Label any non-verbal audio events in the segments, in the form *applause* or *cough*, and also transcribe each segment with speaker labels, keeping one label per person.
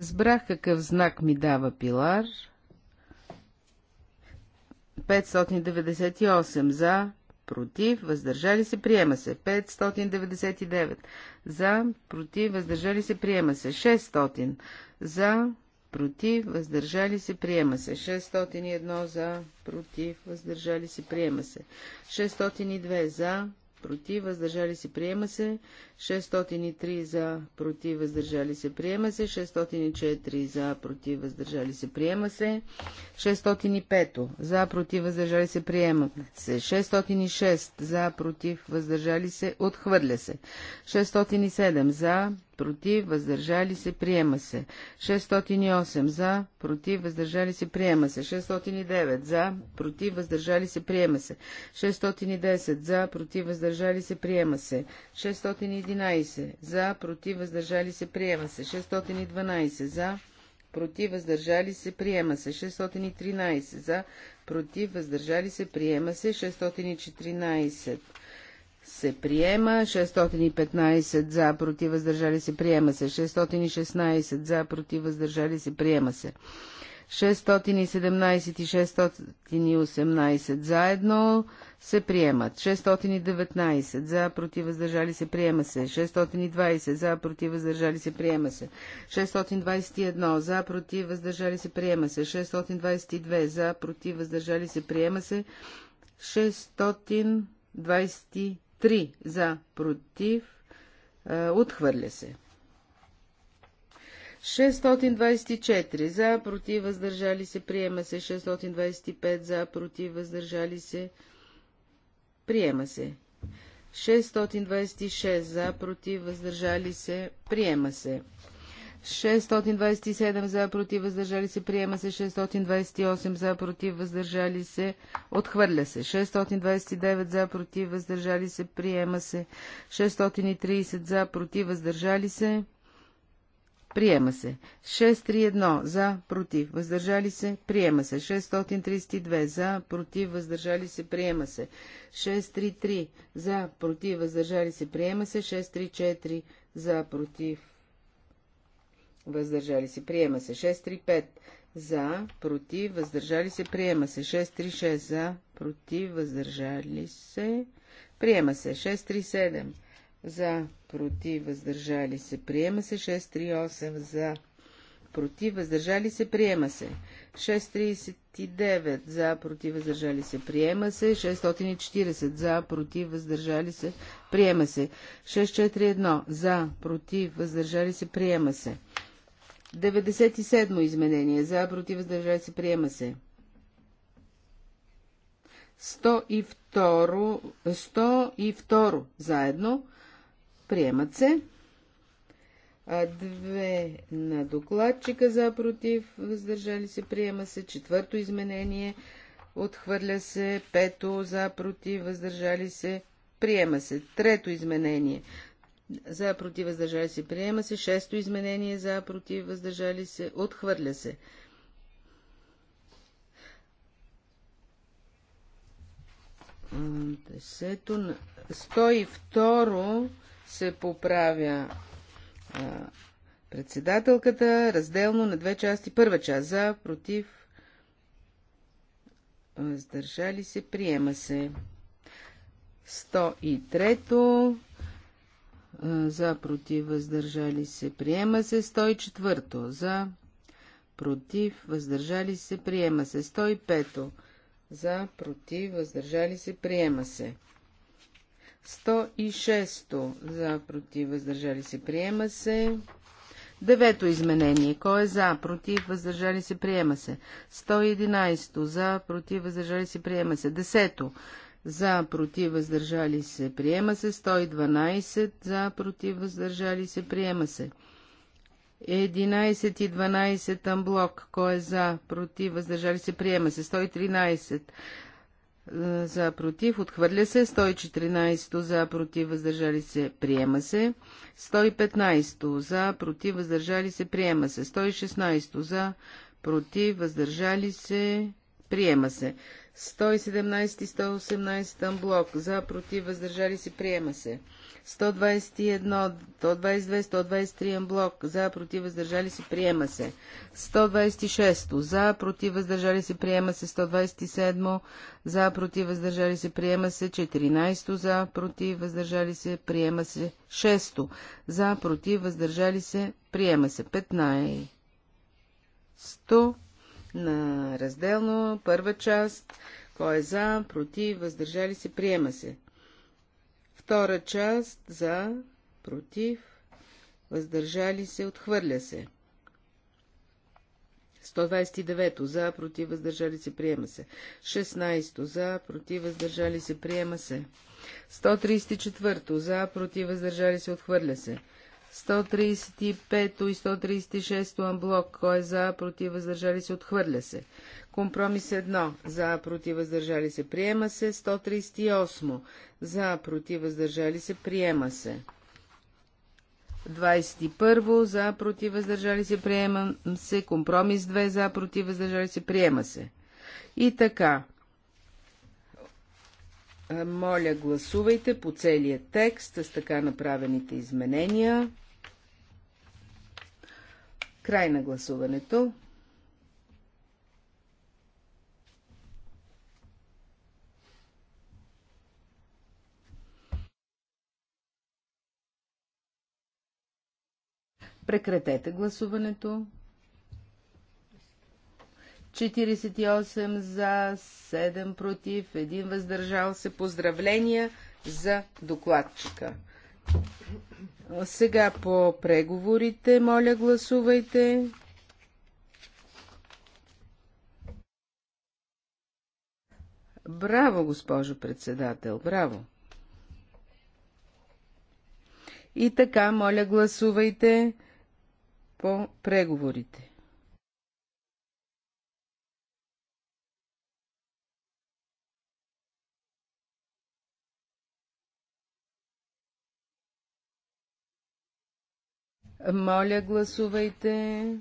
Speaker 1: Разбрах какъв знак ми дава Пилар. 598 за, против, въздържали се, приема се. 599 за, против, въздържали се, приема се. 600 за, против, въздържали се, приема се. 601 за, против, въздържали се, приема се. 602 за, против, въздържали се, приема се. 603 за, против, въздържали се, приема се. 604 за, против, въздържали се, приема се. 605 за, против, въздържали се, приема се. 606 за, против, въздържали се, отхвърля се. 607 за, против, въздържали се, приема се. 608 за, против, въздържали се, приема се. 609 за, против, въздържали се, приема се. 610 за, против, въздържали се, приема се. 611 за, против, въздържали се, приема се. 612 за, против, въздържали се, приема се. 613 за, против, въздържали се, приема се. 614 се приема, 615 за, против, въздържали се, приема се, 616 за, против, въздържали се, приема се. 617 и 618 заедно се приемат. 619 за, против, въздържали се, приема се. 620 за, против, въздържали се, приема се. 621 за, против, въздържали се, приема се. 622 за, против, въздържали се, приема се. 620 Три за, против, е, отхвърля се. 624 за, против, въздържали се, приема се. 625 за, против, въздържали се, приема се. 626 за, против, въздържали се, приема се. 627 за, против, въздържали се, приема се 628 за, против, въздържали се, отхвърля се 629 за, против, въздържали се, приема се 630 за, против, въздържали се, приема се 631 за, против, въздържали се, приема се 632 за, против, въздържали се, приема се 633 за, против, въздържали се, приема се 634 за, против, въздържали се, приема се 635 за, против, въздържали се, приема се 636 за, против, въздържали се, приема се 637 за, против, въздържали се, приема се 638 за, против, въздържали се, приема се 639 за, против, въздържали се, приема се 640 за, против, въздържали се, приема се 641 за, против, въздържали се, приема се 97 изменение. За, против, въздържали се, приема се. 102, второ, заедно. Приемат се. Две на докладчика за против, въздържали се, приема се. Четвърто изменение, отхвърля се. Пето за против, въздържали се, приема се. Трето изменение, за против въздържали се, приема се. Шесто изменение за против въздържали се, отхвърля се. Десето, 102 се поправя а, председателката разделно на две части. Първа част за, против, въздържали се, приема се. 103-то за против въздържали се приема се 104 за против въздържали се приема се 105 за против въздържали се приема се 106 за против въздържали се приема се Девето изменение. Кой е за? Против? Въздържали се? Приема се. 111. За? Против? Въздържали се? Приема се. Десето за, против, въздържали се, приема се. 112 за, против, въздържали се, приема се. 11 и 12 амблок, кой е за, против, въздържали се, приема се. 113 за, против, отхвърля се. 114 за, против, въздържали се, приема се. 115 за, против, въздържали се, приема се. 116 за, против, въздържали се, приема се. 117 и 118 амблок. За, против, въздържали се, приема се. 121, 122, 123 амблок. За, против, въздържали се, приема се. 126. За, против, въздържали се, приема се. 127. За, против, въздържали се, приема се. 14. За, против, въздържали се, приема се. 6. За, против, въздържали се, приема се. 15. 100 на разделно, първа част, кой е за, против, въздържали се, приема се. Втора част, за, против, въздържали се, отхвърля се. 129. За, против, въздържали се, приема се. 16. За, против, въздържали се, приема се. 134. За, против, въздържали се, отхвърля се. 135 и 136 амблок. Кой е за, против, въздържали се, отхвърля се. Компромис 1. За, против, въздържали се, приема се. 138. За, против, въздържали се, приема се. 21. За, против, въздържали се, приема се. Компромис 2. За, против, въздържали се, приема се. И така. Моля, гласувайте по целия текст с така направените изменения. Край на гласуването. Прекратете гласуването. 48 за, 7 против, 1 въздържал се. Поздравления за докладчика. Сега по преговорите, моля, гласувайте. Браво, госпожо председател, браво. И така, моля, гласувайте по преговорите. Моля, гласувайте.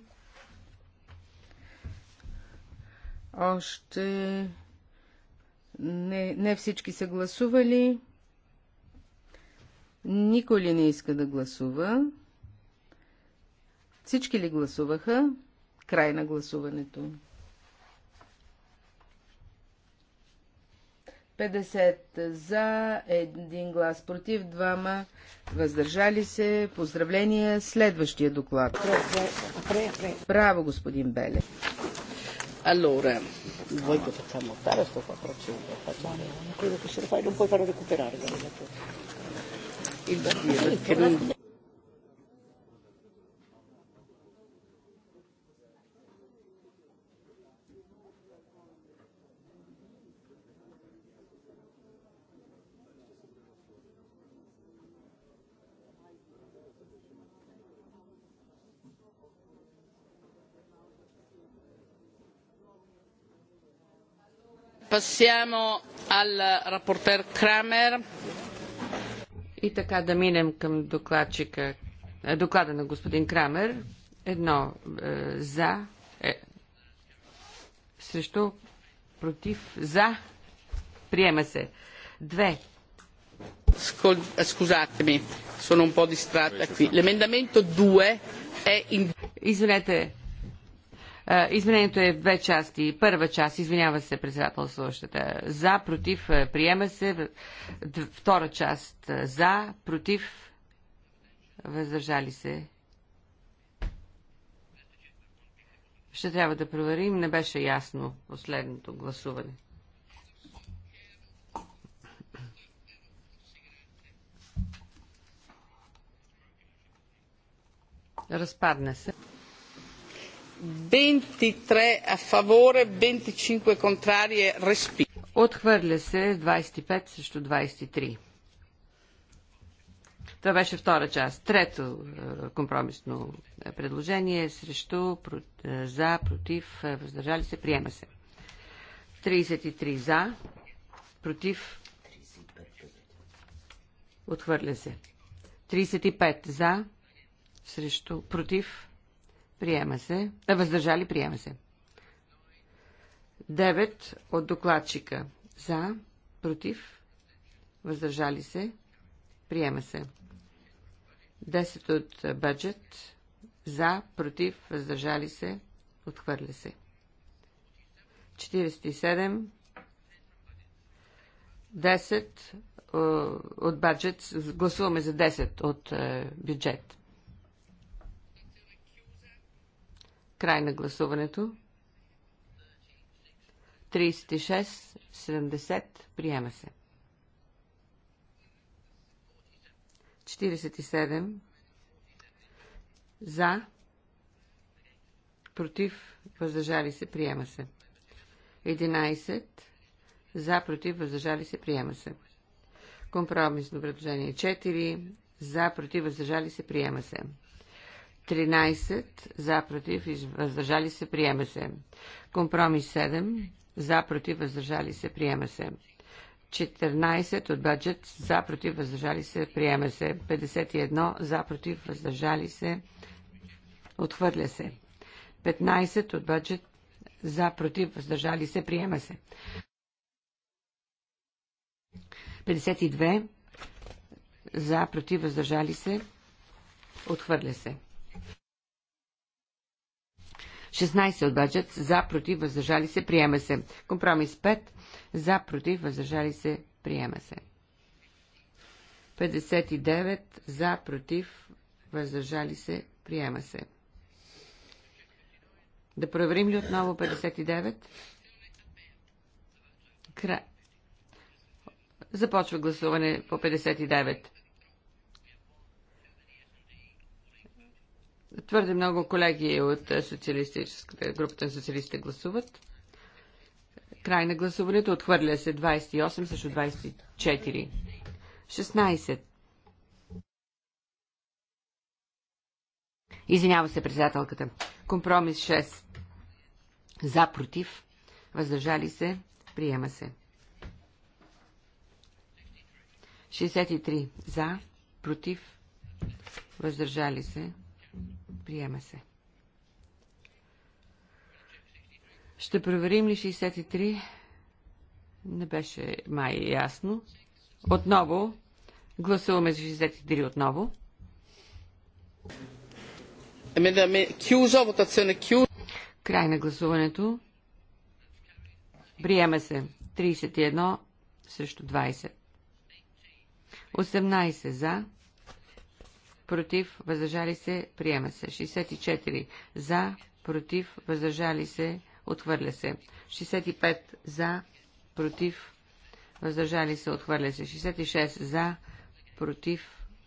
Speaker 1: Още не, не всички са гласували. Никой ли не иска да гласува? Всички ли гласуваха? Край на гласуването. 50 за, един глас против, двама въздържали се. Поздравления. Следващия доклад. Право, господин Беле. Allora, voi che facciamo fare sto
Speaker 2: 400? Facciamo, non credo che se lo fai, non puoi farlo recuperare. Il bambino, che non... Passiamo al рапортер Крамер. И така да минем към докладчика, е, доклада на господин Крамер. Едно е, за, е, срещу, против, за, приема се. Две. Scusatemi, sono un po' distratta qui. L'emendamento 2 è in... Извинете, е, изменението е в две части. Първа част, извинява се председател слушата, за, против, е, приема се. Втора част, е, за, против, въздържали се. Ще трябва да проверим. Не беше ясно последното гласуване. Разпадна се. 23 a favore, 25 contrarie, respinto. Отхвърля се 25 срещу 23. Това беше втора част. Трето е, компромисно предложение срещу, е, за, против, е, въздържали се, приема се. 33 за, против, отхвърля се. 35 за, срещу, против, Приема се. А, е, въздържали? Приема се. 9 от докладчика. За. Против. Въздържали се. Приема се. 10 от бюджет. За. Против. Въздържали се. Отхвърля се. 47. 10 от бюджет. Гласуваме за 10 от е, бюджет. Край на гласуването. 36-70. Приема се. 47. За. Против. Въздържали се. Приема се. 11. За. Против. Въздържали се. Приема се. Компромисно предложение 4. За. Против. Въздържали се. Приема се. 13 за против, въздържали се, приема се. Компромис 7 за против, въздържали се, приема се. 14 от бюджет за против, въздържали се, приема се. 51 за против, въздържали се, отхвърля се. 15 от бюджет за против, въздържали се, приема се. 52 за против, въздържали се, отхвърля се. 16 от бюджет за, против, въздържали се, приема се. Компромис 5 за, против, въздържали се, приема се. 59 за, против, въздържали се, приема се. Да проверим ли отново 59? Кра... Започва гласуване по 59. Твърде много колеги от социалистическата групата на социалистите гласуват. Край на гласуването отхвърля се 28 също 24. 16. Извинява се председателката. Компромис 6. За, против, въздържали се, приема се. 63. За, против, въздържали се, Приема се. Ще проверим ли 63? Не беше май ясно. Отново. Гласуваме за 63 отново. Край на гласуването. Приема се 31 срещу 20. 18 за против, въздържали се, приема се. 64 за, против, въздържали се, отхвърля се. 65 за, против, въздържали се, отхвърля се. 66 за, против,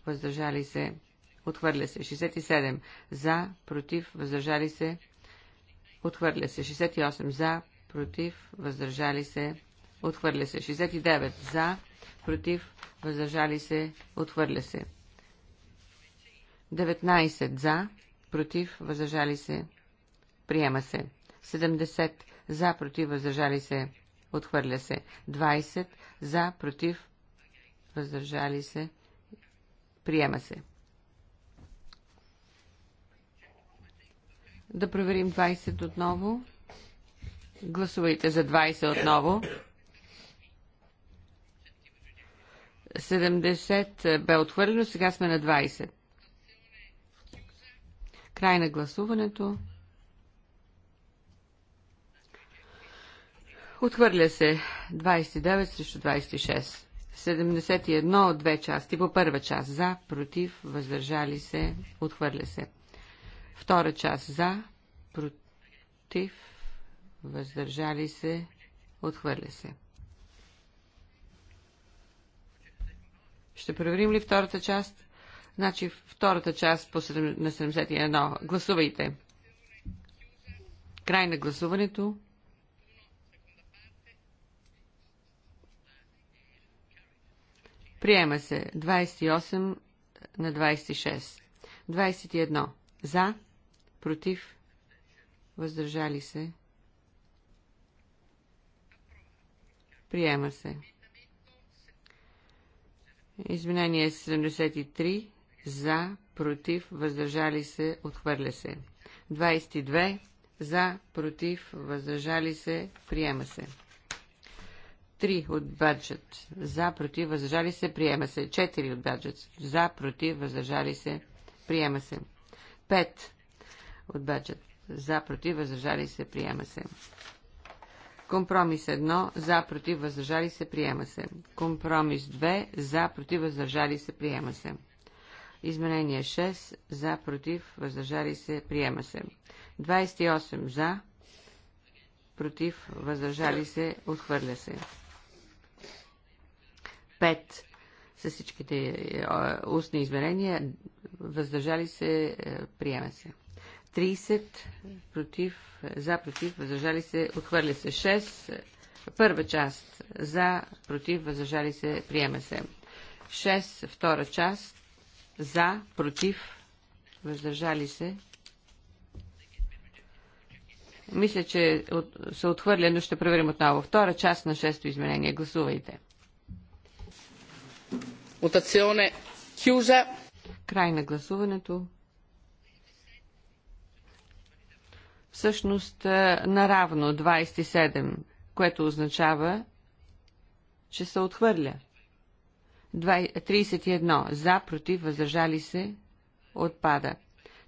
Speaker 2: въздържали се, отхвърля се. 67 за, против, въздържали се, отхвърля се. 68 за, против, въздържали се, отхвърля се. 69 за, против, въздържали се, отхвърля се. 19 за, против, въздържали се, приема се. 70 за, против, въздържали се, отхвърля се. 20 за, против, въздържали се, приема се. Да проверим 20 отново. Гласувайте за 20 отново. 70 бе отхвърлено, сега сме на 20. Край на гласуването. Отхвърля се 29 срещу 26. 71 от две части. По първа част за, против, въздържали се, отхвърля се. Втора част за, против, въздържали се, отхвърля се. Ще проверим ли втората част? Значи втората част по 7, на 71. Гласувайте. Край на гласуването. Приема се 28 на 26. 21. За. Против. Въздържали се. Приема се. Изменение 73 за, против, въздържали се, отхвърля се. 22 за, против, въздържали се, приема се. 3 от баджет. За, против, въздържали се, приема се. 4 от баджет. За, против, въздържали се, приема се. 5 от баджет. За, против, въздържали се, приема се. Компромис 1. За, против, въздържали се, приема се. Компромис 2. За, против, въздържали се, приема се. Изменение 6 за, против, въздържали се, приема се. 28 за, против, въздържали се, отхвърля се. 5 с всичките е, устни измерения, въздържали се, е, приема се. 30 против, за, против, въздържали се, отхвърля се. 6 първа част за, против, въздържали се, приема се. 6 втора част за, против, въздържали се. Мисля, че се отхвърля, но ще проверим отново. Втора част на шесто изменение. Гласувайте. Мутационе Хюжа. Край на гласуването. Всъщност е, наравно 27, което означава, че се отхвърля. 31. За, против, въздържали се, отпада.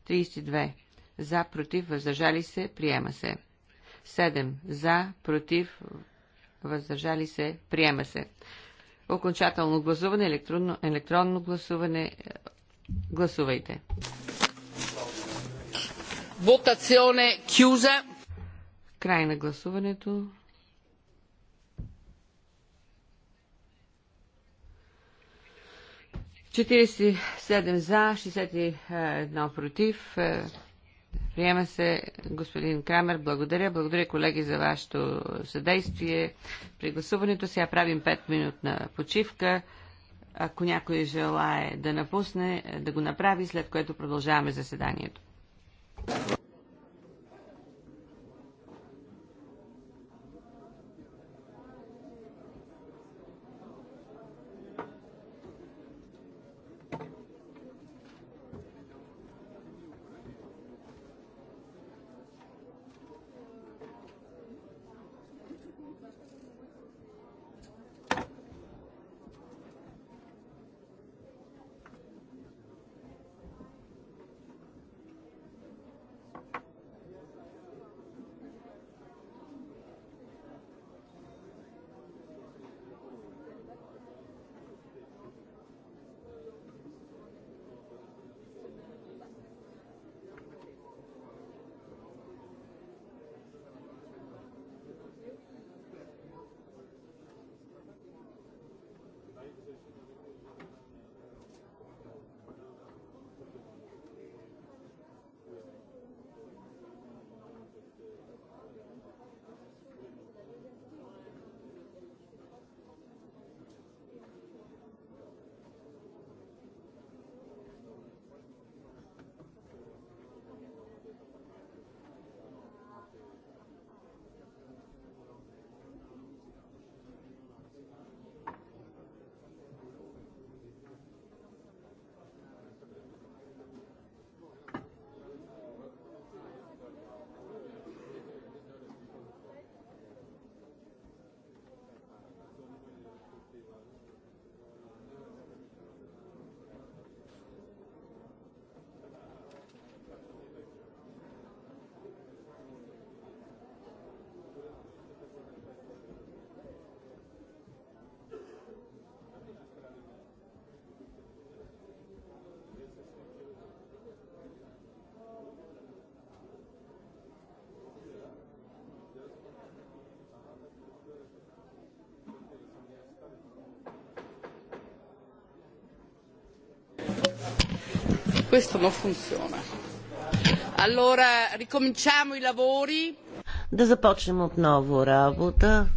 Speaker 2: 32. За, против, въздържали се, приема се. 7. За, против, въздържали се, приема се. Окончателно гласуване, електронно, електронно гласуване. Е, гласувайте. Вотационе кюза. Край на гласуването. 47 за, 61 против. Е, приема се господин Крамер. Благодаря. Благодаря, колеги, за вашето съдействие при гласуването. Сега правим 5 минутна почивка. Ако някой желае да напусне, да го направи, след което продължаваме заседанието.
Speaker 1: Questo non funziona. Allora, ricominciamo i lavori.
Speaker 3: Да започнем отново работа.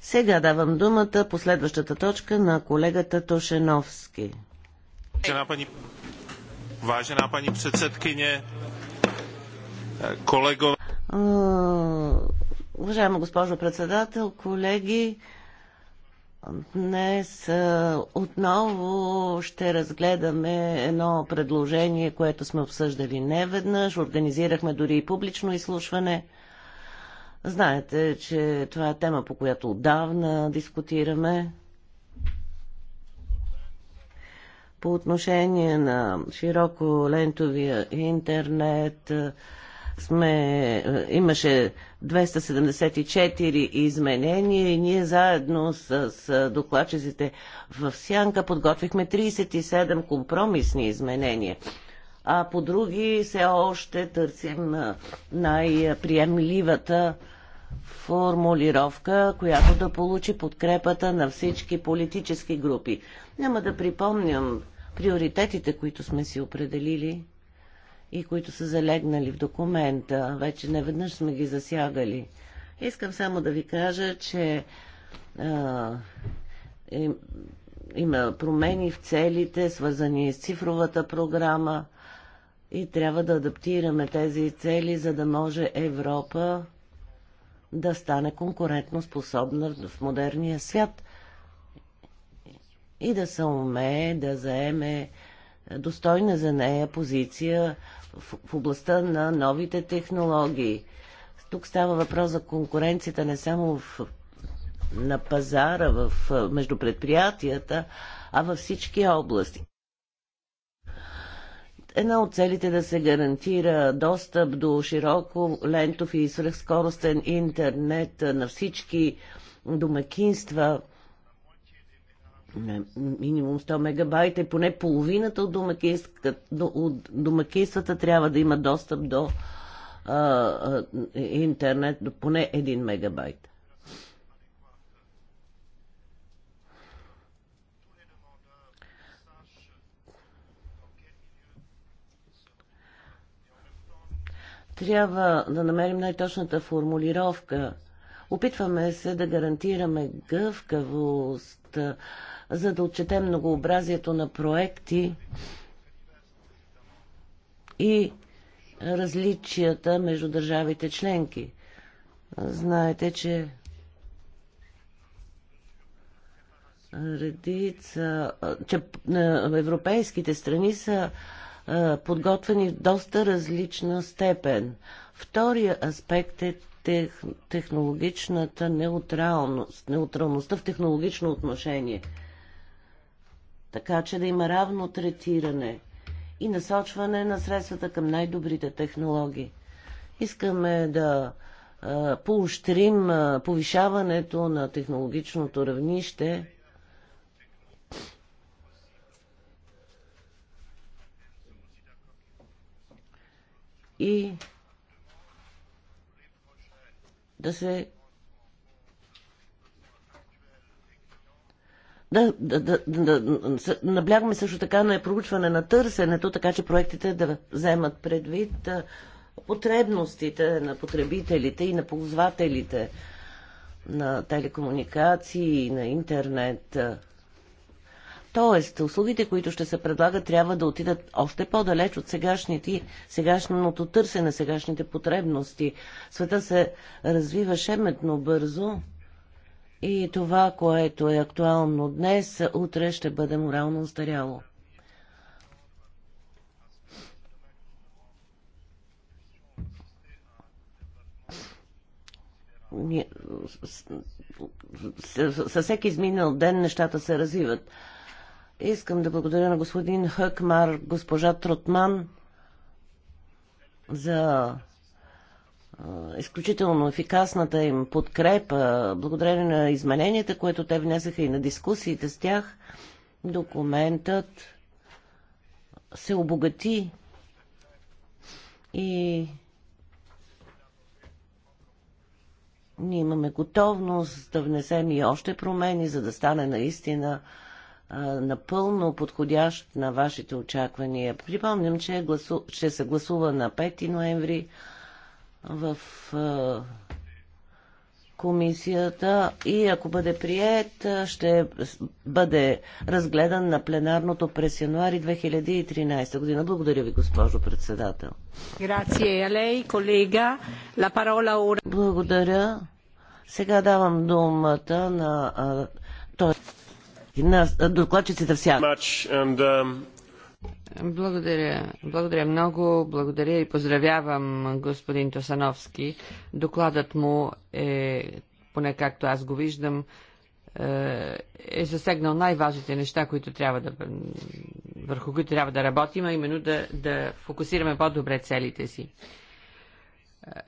Speaker 3: Сега давам думата по следващата точка на колегата Тошеновски.
Speaker 2: Vážená пани, vážená paní předsedkyně, kolegové.
Speaker 3: Уважаема госпожа председател, колеги, Днес отново ще разгледаме едно предложение, което сме обсъждали неведнъж. Организирахме дори и публично изслушване. Знаете, че това е тема, по която отдавна дискутираме. По отношение на широко лентовия интернет, сме, е, имаше 274 изменения и ние заедно с, с докладчиците в Сянка подготвихме 37 компромисни изменения. А по други все още търсим е, най-приемливата формулировка, която да получи подкрепата на всички политически групи. Няма да припомням приоритетите, които сме си определили и които са залегнали в документа. Вече не веднъж сме ги засягали. Искам само да ви кажа, че а, е, има промени в целите, свързани с цифровата програма и трябва да адаптираме тези цели, за да може Европа да стане конкурентно способна в модерния свят и да се умее да заеме достойна за нея позиция в областта на новите технологии. Тук става въпрос за конкуренцията не само в, на пазара, в, между предприятията, а във всички области. Една от целите е да се гарантира достъп до широко лентов и свръхскоростен интернет на всички домакинства минимум 100 мегабайта и поне половината от, от домакинствата трябва да има достъп до а, а, интернет до поне 1 мегабайт. Трябва да намерим най-точната формулировка. Опитваме се да гарантираме гъвкавост проекта, за да отчетем многообразието на проекти и различията между държавите членки. Знаете, че редица, че европейските страни са подготвени в доста различна степен. Втория аспект е тех, технологичната неутралност, неутралността в технологично отношение. Така че да има равно третиране и насочване на средствата към най-добрите технологии. Искаме да а, поощрим а, повишаването на технологичното равнище. И да се Да, да, да, да, наблягаме също така на проучване на търсенето, така че проектите да вземат предвид потребностите на потребителите и на ползвателите на телекомуникации, на интернет. Тоест, услугите, които ще се предлагат, трябва да отидат още по-далеч от сегашните, сегашното търсене, сегашните потребности. Света се развива шеметно бързо и това, което е актуално днес, утре ще бъде морално устаряло. със всеки изминал ден нещата се развиват. Искам да благодаря на господин Хъкмар, госпожа Тротман за изключително ефикасната им подкрепа, благодарение на измененията, които те внесаха и на дискусиите с тях, документът се обогати и ние имаме готовност да внесем и още промени, за да стане наистина напълно подходящ на вашите очаквания. Припомням, че, ще гласу... се гласува на 5 ноември в а, комисията и ако бъде прият, ще бъде разгледан на пленарното през януари 2013 година. Благодаря ви, госпожо председател. Благодаря. Сега давам думата на... А, той на докладчиците в um,
Speaker 2: Благодаря. Благодаря много. Благодаря и поздравявам господин Тосановски. Докладът му е, поне както аз го виждам, е, е засегнал най-важните неща, които трябва да, върху които трябва да работим, а именно да, да фокусираме по-добре целите си. Е,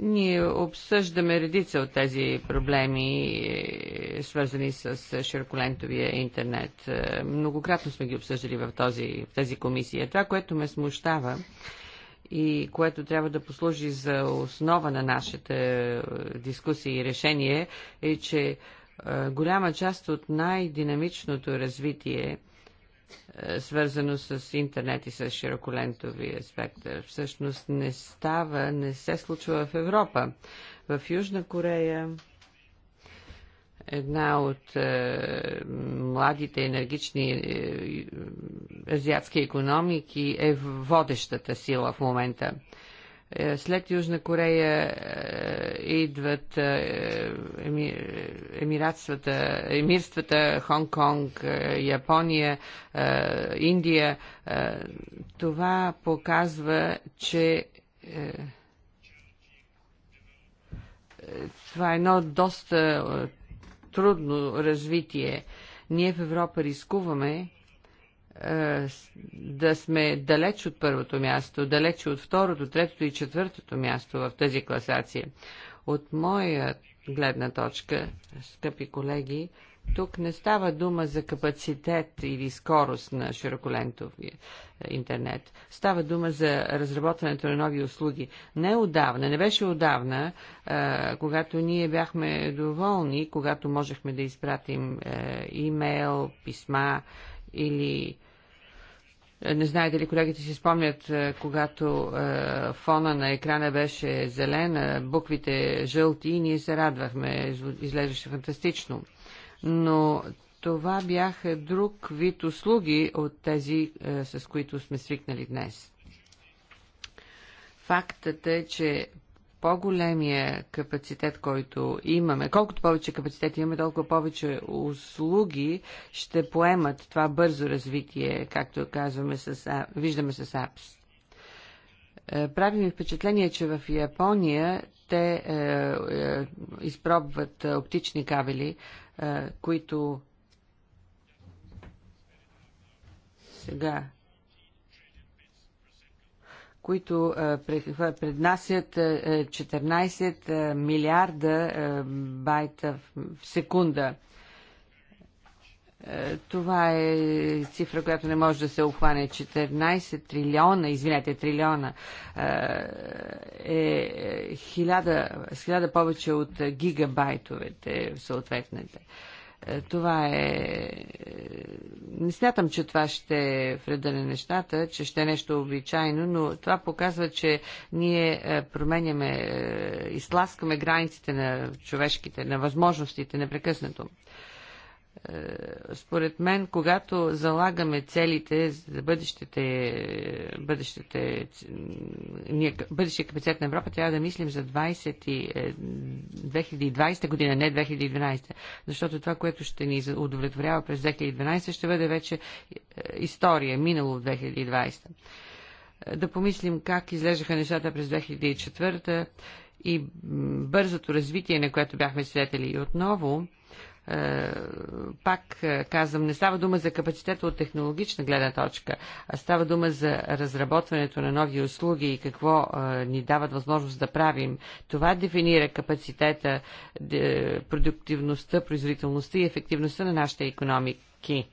Speaker 2: ние обсъждаме редица от тези проблеми, е, свързани с широколентовия интернет. Е, многократно сме ги обсъждали в, този, в тези комисии. Това, което ме смущава и което трябва да послужи за основа на нашите дискусии и решение, е, че голяма част от най-динамичното развитие – е, свързано с интернет и с широколентовия спектър. Всъщност не става, не се случва в Европа. В Южна Корея една от е, младите енергични е, е азиатски економики е водещата сила в момента. Е, е, след Южна Корея е, идват е, емиратствата, емирствата, Хонг-Конг, Япония, Индия. Това показва, че това е едно доста трудно развитие. Ние в Европа рискуваме е, да сме далеч от първото място, далеч от второто, третото и четвъртото място в тази класация. От моя гледна точка, скъпи колеги, тук не става дума за капацитет или скорост на широколентов е, интернет. Става дума за разработването на нови услуги. Не отдавна, не беше отдавна, е, когато ние бяхме доволни, когато можехме да изпратим имейл, писма, или е, не знае дали колегите си спомнят, е, когато е, фона на екрана беше зелен, буквите жълти и ние се радвахме, изглеждаше фантастично. Но това бяха друг вид услуги от тези, с които сме свикнали днес. Фактът е, че по-големия капацитет, който имаме, колкото повече капацитет имаме, толкова повече услуги ще поемат това бързо развитие, както казваме с, виждаме с АПС. Е, прави ми впечатление, че в Япония те е, е, изпробват оптични кабели, е, които сега които преднасят 14 милиарда байта в секунда. Това е цифра, която не може да се обхване. 14 трилиона, извинете, трилиона е, е хиляда, с хиляда повече от гигабайтовете съответните. Е, това е, е... Не смятам, че това ще вреда на нещата, че ще е нещо обичайно, но това показва, че ние е, променяме, изтласкаме границите на човешките, на възможностите непрекъснато. Е, според мен, когато залагаме целите за бъдещите, бъдещите, ние, бъдещия капацитет на Европа, трябва да мислим за 20 2020 е, година, не 2012. Защото това, което ще ни удовлетворява през 2012, ще бъде вече е, история, минало в 2020. Да помислим как излежаха нещата през 2004 и бързото развитие, на което бяхме свидетели. И отново, е, пак е, казвам, не става дума за капацитета от технологична гледна точка, а става дума за разработването на нови услуги и какво е, ни дават възможност да правим. Това дефинира капацитета, продуктивността, производителността и ефективността на нашите економики.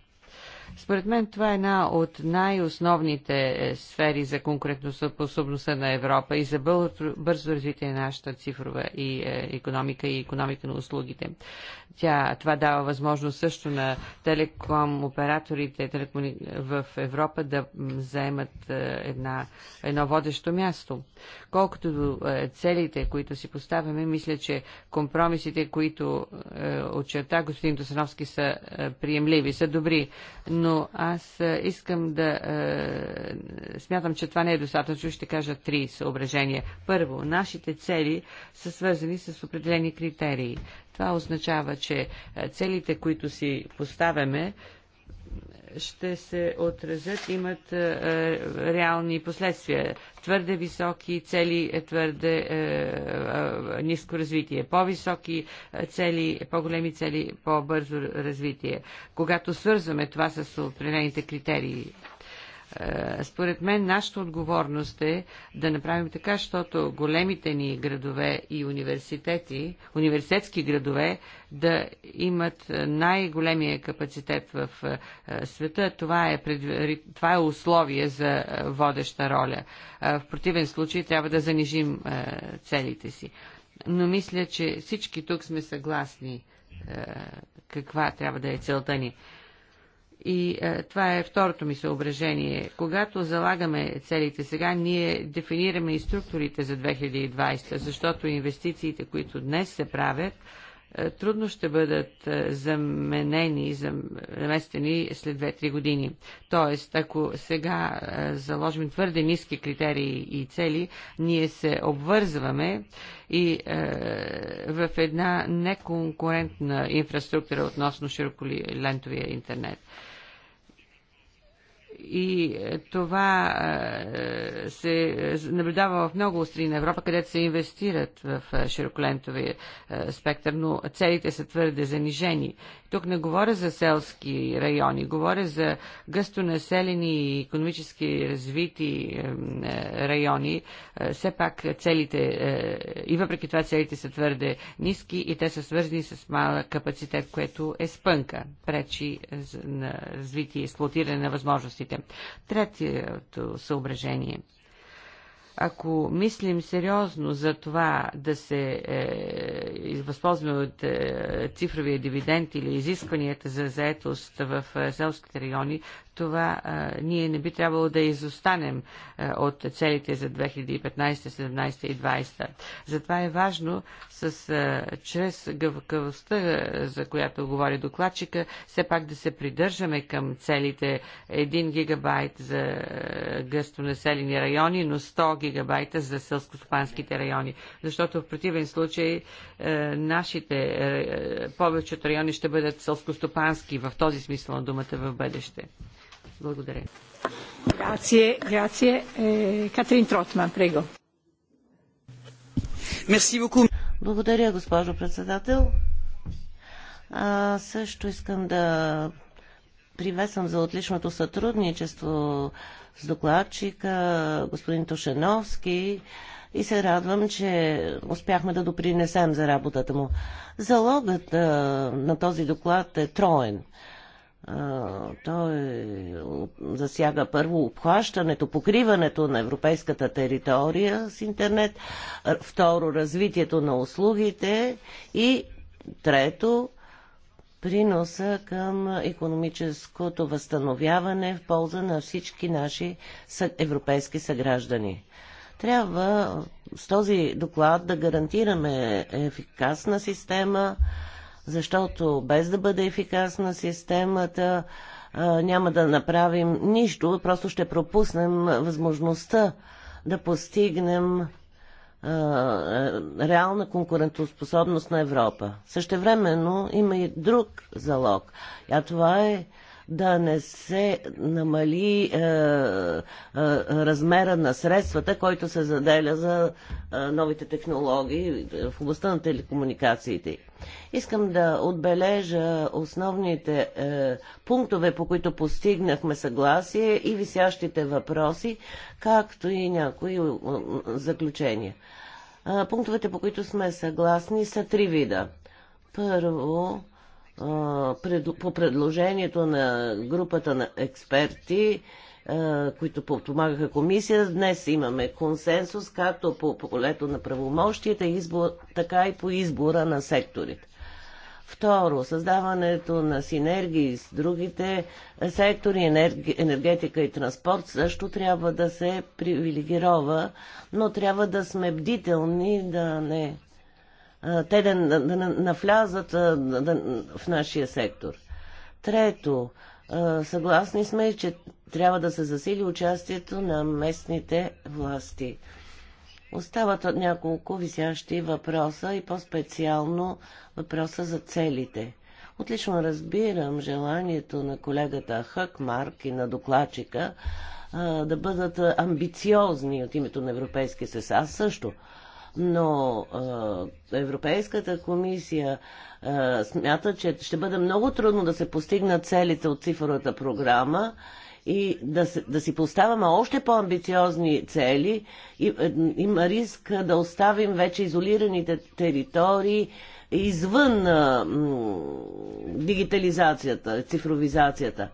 Speaker 2: Според мен това е една от най-основните е, сфери за способността на Европа и за бързо развитие на нашата цифрова и е, економика и економика на услугите. Тя, това дава възможност също на телеком операторите телекомуни... в Европа да заемат е, една, едно водещо място. Колкото до целите, които си поставяме, мисля, че компромисите, които очерта господин Досановски са приемливи, са добри, но аз искам да е, смятам, че това не е достатъчно. Ще кажа три съображения. Първо, нашите цели са свързани с определени критерии. Това означава, че целите, които си поставяме, ще се отразят, имат е, е, реални последствия. Твърде високи цели, е, твърде ниско развитие. По-високи цели, по-големи цели, по-бързо развитие. Когато свързваме това с определените критерии е, според мен нашата отговорност е да направим така, защото големите ни градове и университети, университетски градове да имат най-големия капацитет в е, света. Това е, пред... това е условие за е, водеща роля. В противен случай трябва да занижим целите си. Но мисля, че всички тук сме съгласни каква трябва да е целта ни. И а, е, това е второто ми съображение. Когато залагаме целите сега, ние дефинираме и структурите за 2020, защото инвестициите, които днес се правят, е, трудно ще бъдат е, заменени, заместени след 2-3 години. Тоест, ако сега заложим твърде ниски критерии и цели, ние се обвързваме и е, в една неконкурентна инфраструктура относно широколентовия интернет. Е, и е, това е, се наблюдава в много страни на Европа, където се инвестират в е, широколентови спектър, но целите са твърде занижени тук не говоря за селски райони, говоря за гъстонаселени и економически развити е, райони. Е, все пак целите, е, и въпреки това целите са твърде ниски и те са свързани с малък капацитет, което е спънка, пречи на развитие и експлуатиране на възможностите. Третието съображение – ако мислим сериозно за това да се е, възползваме от е, цифровия дивиденд или изискванията за заетост в е, селските райони, това а, ние не би трябвало да изостанем а, от целите за 2015, 2017 и 2020. Затова е важно с, а, чрез гъвкавостта, за която говори докладчика, все пак да се придържаме към целите 1 гигабайт за гъстонаселени райони, но 100 гигабайта за селскостопанските райони. Защото в противен случай а, нашите а, повечето райони ще бъдат селскостопански в този смисъл на думата в бъдеще бъдеще. Благодаря.
Speaker 3: Катрин Тротман, прего. Благодаря, госпожо председател. А, също искам да приветствам за отличното сътрудничество с докладчика, господин Тошеновски и се радвам, че успяхме да допринесем за работата му. Залогът а, на този доклад е троен той засяга първо обхващането, покриването на европейската територия с интернет, второ развитието на услугите и трето приноса към економическото възстановяване в полза на всички наши европейски съграждани. Трябва с този доклад да гарантираме ефикасна система, защото без да бъде ефикасна системата, няма да направим нищо, просто ще пропуснем възможността да постигнем реална конкурентоспособност на Европа. Същевременно има и друг залог, а това е да не се намали е, е, размера на средствата, който се заделя за е, новите технологии в областта на телекомуникациите. Искам да отбележа основните е, пунктове, по които постигнахме съгласие и висящите въпроси, както и някои е, заключения. Е, пунктовете, по които сме съгласни, са три вида. Първо, по предложението на групата на експерти, които подпомагаха комисия, днес имаме консенсус както по полето на правомощите, така и по избора на секторите. Второ, създаването на синергии с другите сектори, енергетика и транспорт също трябва да се привилегирова, но трябва да сме бдителни, да не те да, да, да навлязат да, да, в нашия сектор. Трето, съгласни сме, че трябва да се засили участието на местните власти. Остават от няколко висящи въпроса и по-специално въпроса за целите. Отлично разбирам желанието на колегата Марк и на докладчика а, да бъдат амбициозни от името на Европейския съюз. Аз също но а, Европейската комисия а, смята, че ще бъде много трудно да се постигнат целите от цифровата програма и да, се, да си поставяме още по-амбициозни цели. И, е, има риск да оставим вече изолираните територии извън а, м, дигитализацията, цифровизацията.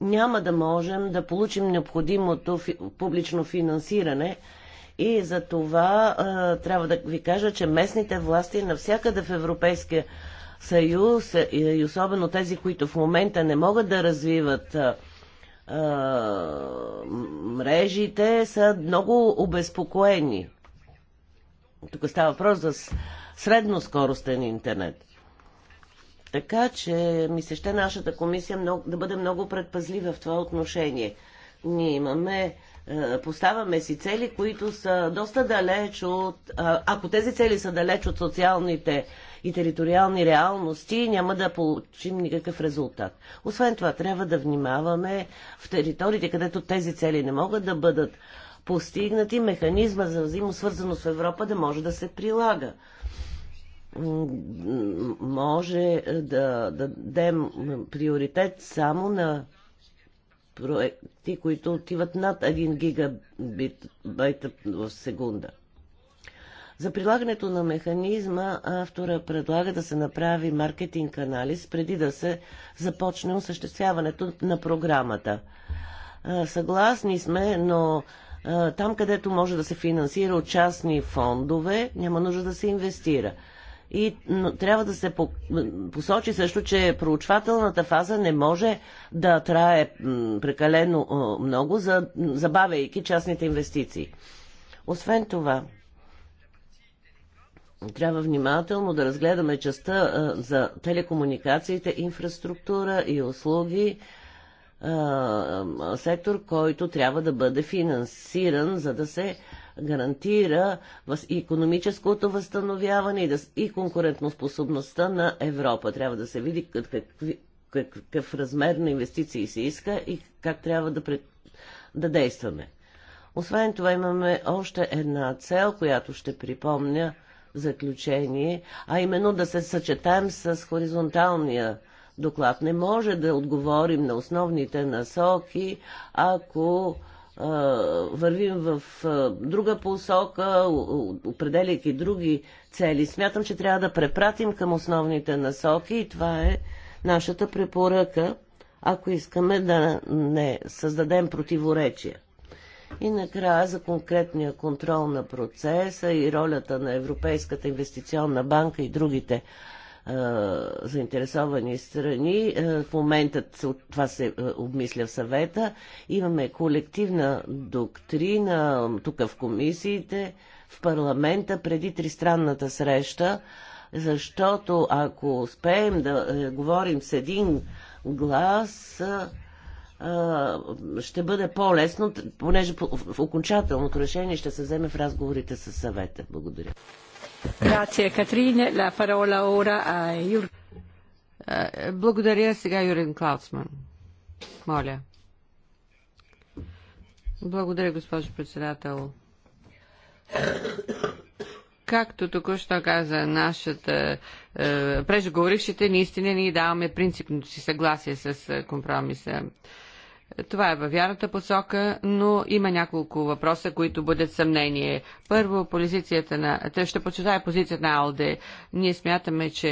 Speaker 3: Няма да можем да получим необходимото фи, публично финансиране, и за това а, трябва да ви кажа, че местните власти навсякъде в Европейския съюз, е, и особено тези, които в момента не могат да развиват а, а, мрежите, са много обезпокоени. Тук става въпрос за средноскоростен интернет. Така че ми се ще нашата комисия много, да бъде много предпазлива в това отношение. Ние имаме е, поставяме си цели, които са доста далеч от... Ако тези цели са далеч от социалните и териториални реалности, няма да получим никакъв резултат. Освен това, трябва да внимаваме в териториите, където тези цели не могат да бъдат постигнати, механизма за взаимосвързаност в Европа да може да се прилага може да, да дадем приоритет само на проекти, които отиват над 1 гигабит в секунда. За прилагането на механизма автора предлага да се направи маркетинг анализ преди да се започне осъществяването на програмата. Съгласни сме, но там, където може да се финансира от частни фондове, няма нужда да се инвестира. И но, трябва да се посочи също, че проучвателната фаза не може да трае прекалено много, забавяйки частните инвестиции. Освен това, трябва внимателно да разгледаме частта за телекомуникациите, инфраструктура и услуги, сектор, който трябва да бъде финансиран, за да се гарантира и економическото възстановяване и, да, и конкурентоспособността на Европа. Трябва да се види какви, какъв размер на инвестиции се иска и как трябва да, пред, да действаме. Освен това имаме още една цел, която ще припомня в заключение, а именно да се съчетаем с хоризонталния доклад. Не може да отговорим на основните насоки, ако вървим в друга посока, определяйки други цели. Смятам, че трябва да препратим към основните насоки и това е нашата препоръка, ако искаме да не създадем противоречия. И накрая за конкретния контрол на процеса и ролята на Европейската инвестиционна банка и другите заинтересовани страни. В момента това се обмисля в съвета. Имаме колективна доктрина тук в комисиите, в парламента, преди тристранната среща, защото ако успеем да е, говорим с един глас, ще бъде по-лесно, понеже в окончателното решение ще се вземе в разговорите с съвета. Благодаря.
Speaker 2: Е, благодаря сега Юрин Клаусман. Моля. Благодаря, госпожо председател. Както току-що каза нашата е, преждеговорившите, наистина ние даваме принципното си съгласие с е, компромиса. Е, това е във вярата посока, но има няколко въпроса, които бъдат съмнение. Първо, позицията на... Те ще почитая позицията на АЛДЕ. Ние смятаме, че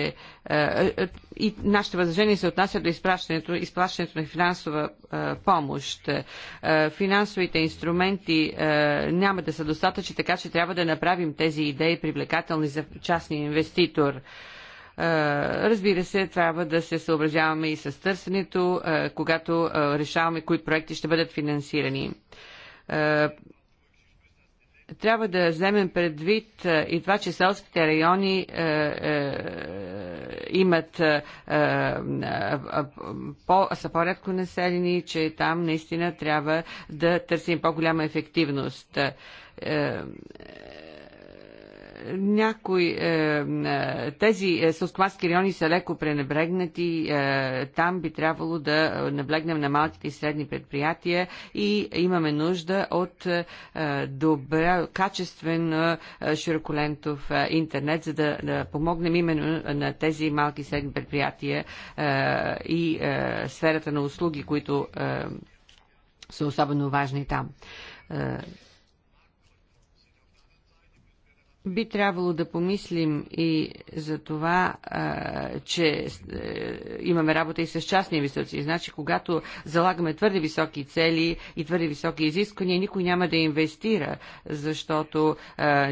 Speaker 2: е, е, и нашите възражения се отнасят до изплащането, изплащането на финансова е, помощ. Финансовите инструменти няма да са достатъчни, така че трябва да направим тези идеи привлекателни за частния инвеститор Разбира се, трябва да се съобразяваме и с търсенето, когато решаваме кои проекти ще бъдат финансирани трябва да вземем предвид и това, че селските райони е, е, имат е, по, са по-рядко населени, че там наистина трябва да търсим по-голяма ефективност някои е, е, тези е, сълскомански райони са леко пренебрегнати. Там би трябвало да наблегнем на малките и средни предприятия и имаме нужда от добра, качествен широколентов интернет, за да, да помогнем именно на тези малки и средни предприятия и сферата на услуги, които са особено важни там би трябвало да помислим и за това, че е, имаме работа и с частни инвестиции. Значи, когато залагаме твърде високи цели и твърде високи изисквания, никой няма да инвестира, защото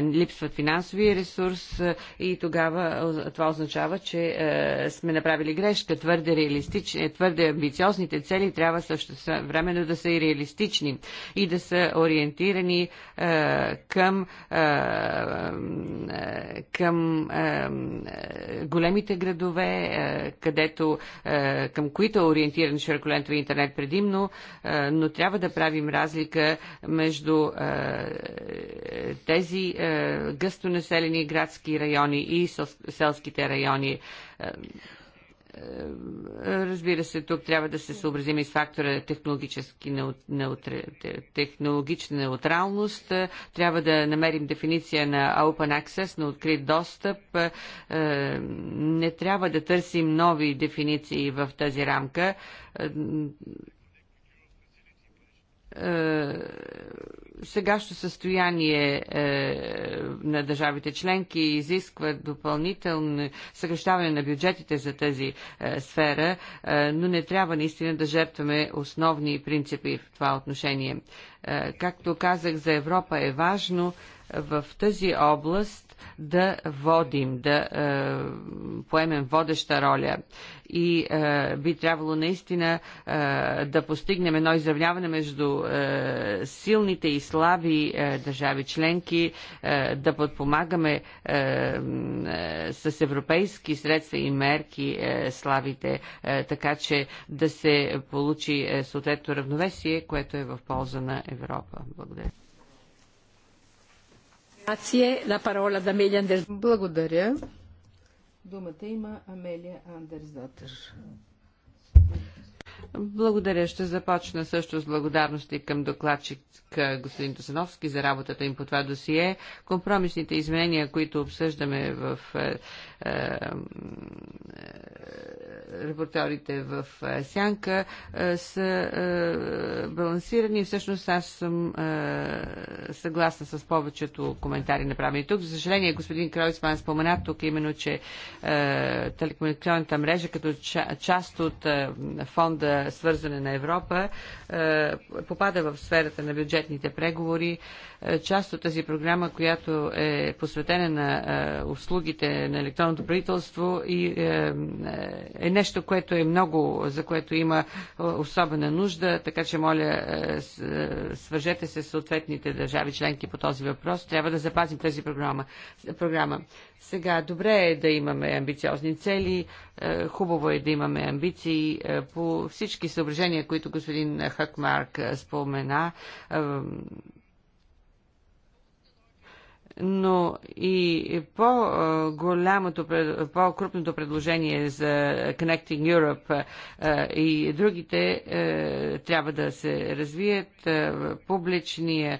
Speaker 2: липсват финансови ресурс и тогава това означава, че сме направили грешка. Твърде реалистични, е, твърде амбициозните цели трябва също времено да са и реалистични и да са ориентирани към е, към е, големите градове, е, където, към които е ориентиран широколентови интернет предимно, но трябва да правим разлика между тези гъсто населени градски райони и селските райони Разбира се, тук трябва да се съобразим и с фактора технологически неутр... технологична неутралност. Трябва да намерим дефиниция на open access, на открит достъп. Е, не трябва да търсим нови дефиниции в тази рамка. Е, е, сегашното състояние е, на държавите членки изисква допълнително съкрещаване на бюджетите за тази е, сфера, е, но не трябва наистина да жертваме основни принципи в това отношение. Е, както казах, за Европа е важно е, в тази област да водим, да е, поемем водеща роля и е, би трябвало наистина е, да постигнем едно изравняване между е, силните и слаби е, държави членки, е, да подпомагаме е, е, с европейски средства и мерки е, слабите, е, така че да се получи е, съответно равновесие, което е в полза на Европа. Благодаря. Благодаря.
Speaker 1: Думата има Амелия Андерзатър.
Speaker 2: Благодаря. Ще започна също с благодарности към докладчик господин Тосановски за работата им по това досие. Компромисните изменения, които обсъждаме в е, е, е репортерите в е, Сянка, е, са е, балансирани. Всъщност аз съм е, съгласна с повечето коментари направени тук. За съжаление, господин Кройцман спомена тук именно, че е, телекомуникационната мрежа като част от е, фонда Свързане на Европа е, попада в сферата на бюджетните преговори. Е, част от тази програма, която е посветена на е, услугите на електронното правителство и е нещо, което е много, за което има особена нужда, така че моля свържете се с съответните държави членки по този въпрос. Трябва да запазим тази програма. Сега, добре е да имаме амбициозни цели, е, хубаво е да имаме амбиции е, по всички съображения, които господин Хакмарк е, спомена, но и по-голямото, по-крупното предложение за Connecting Europe и другите трябва да се развият публичния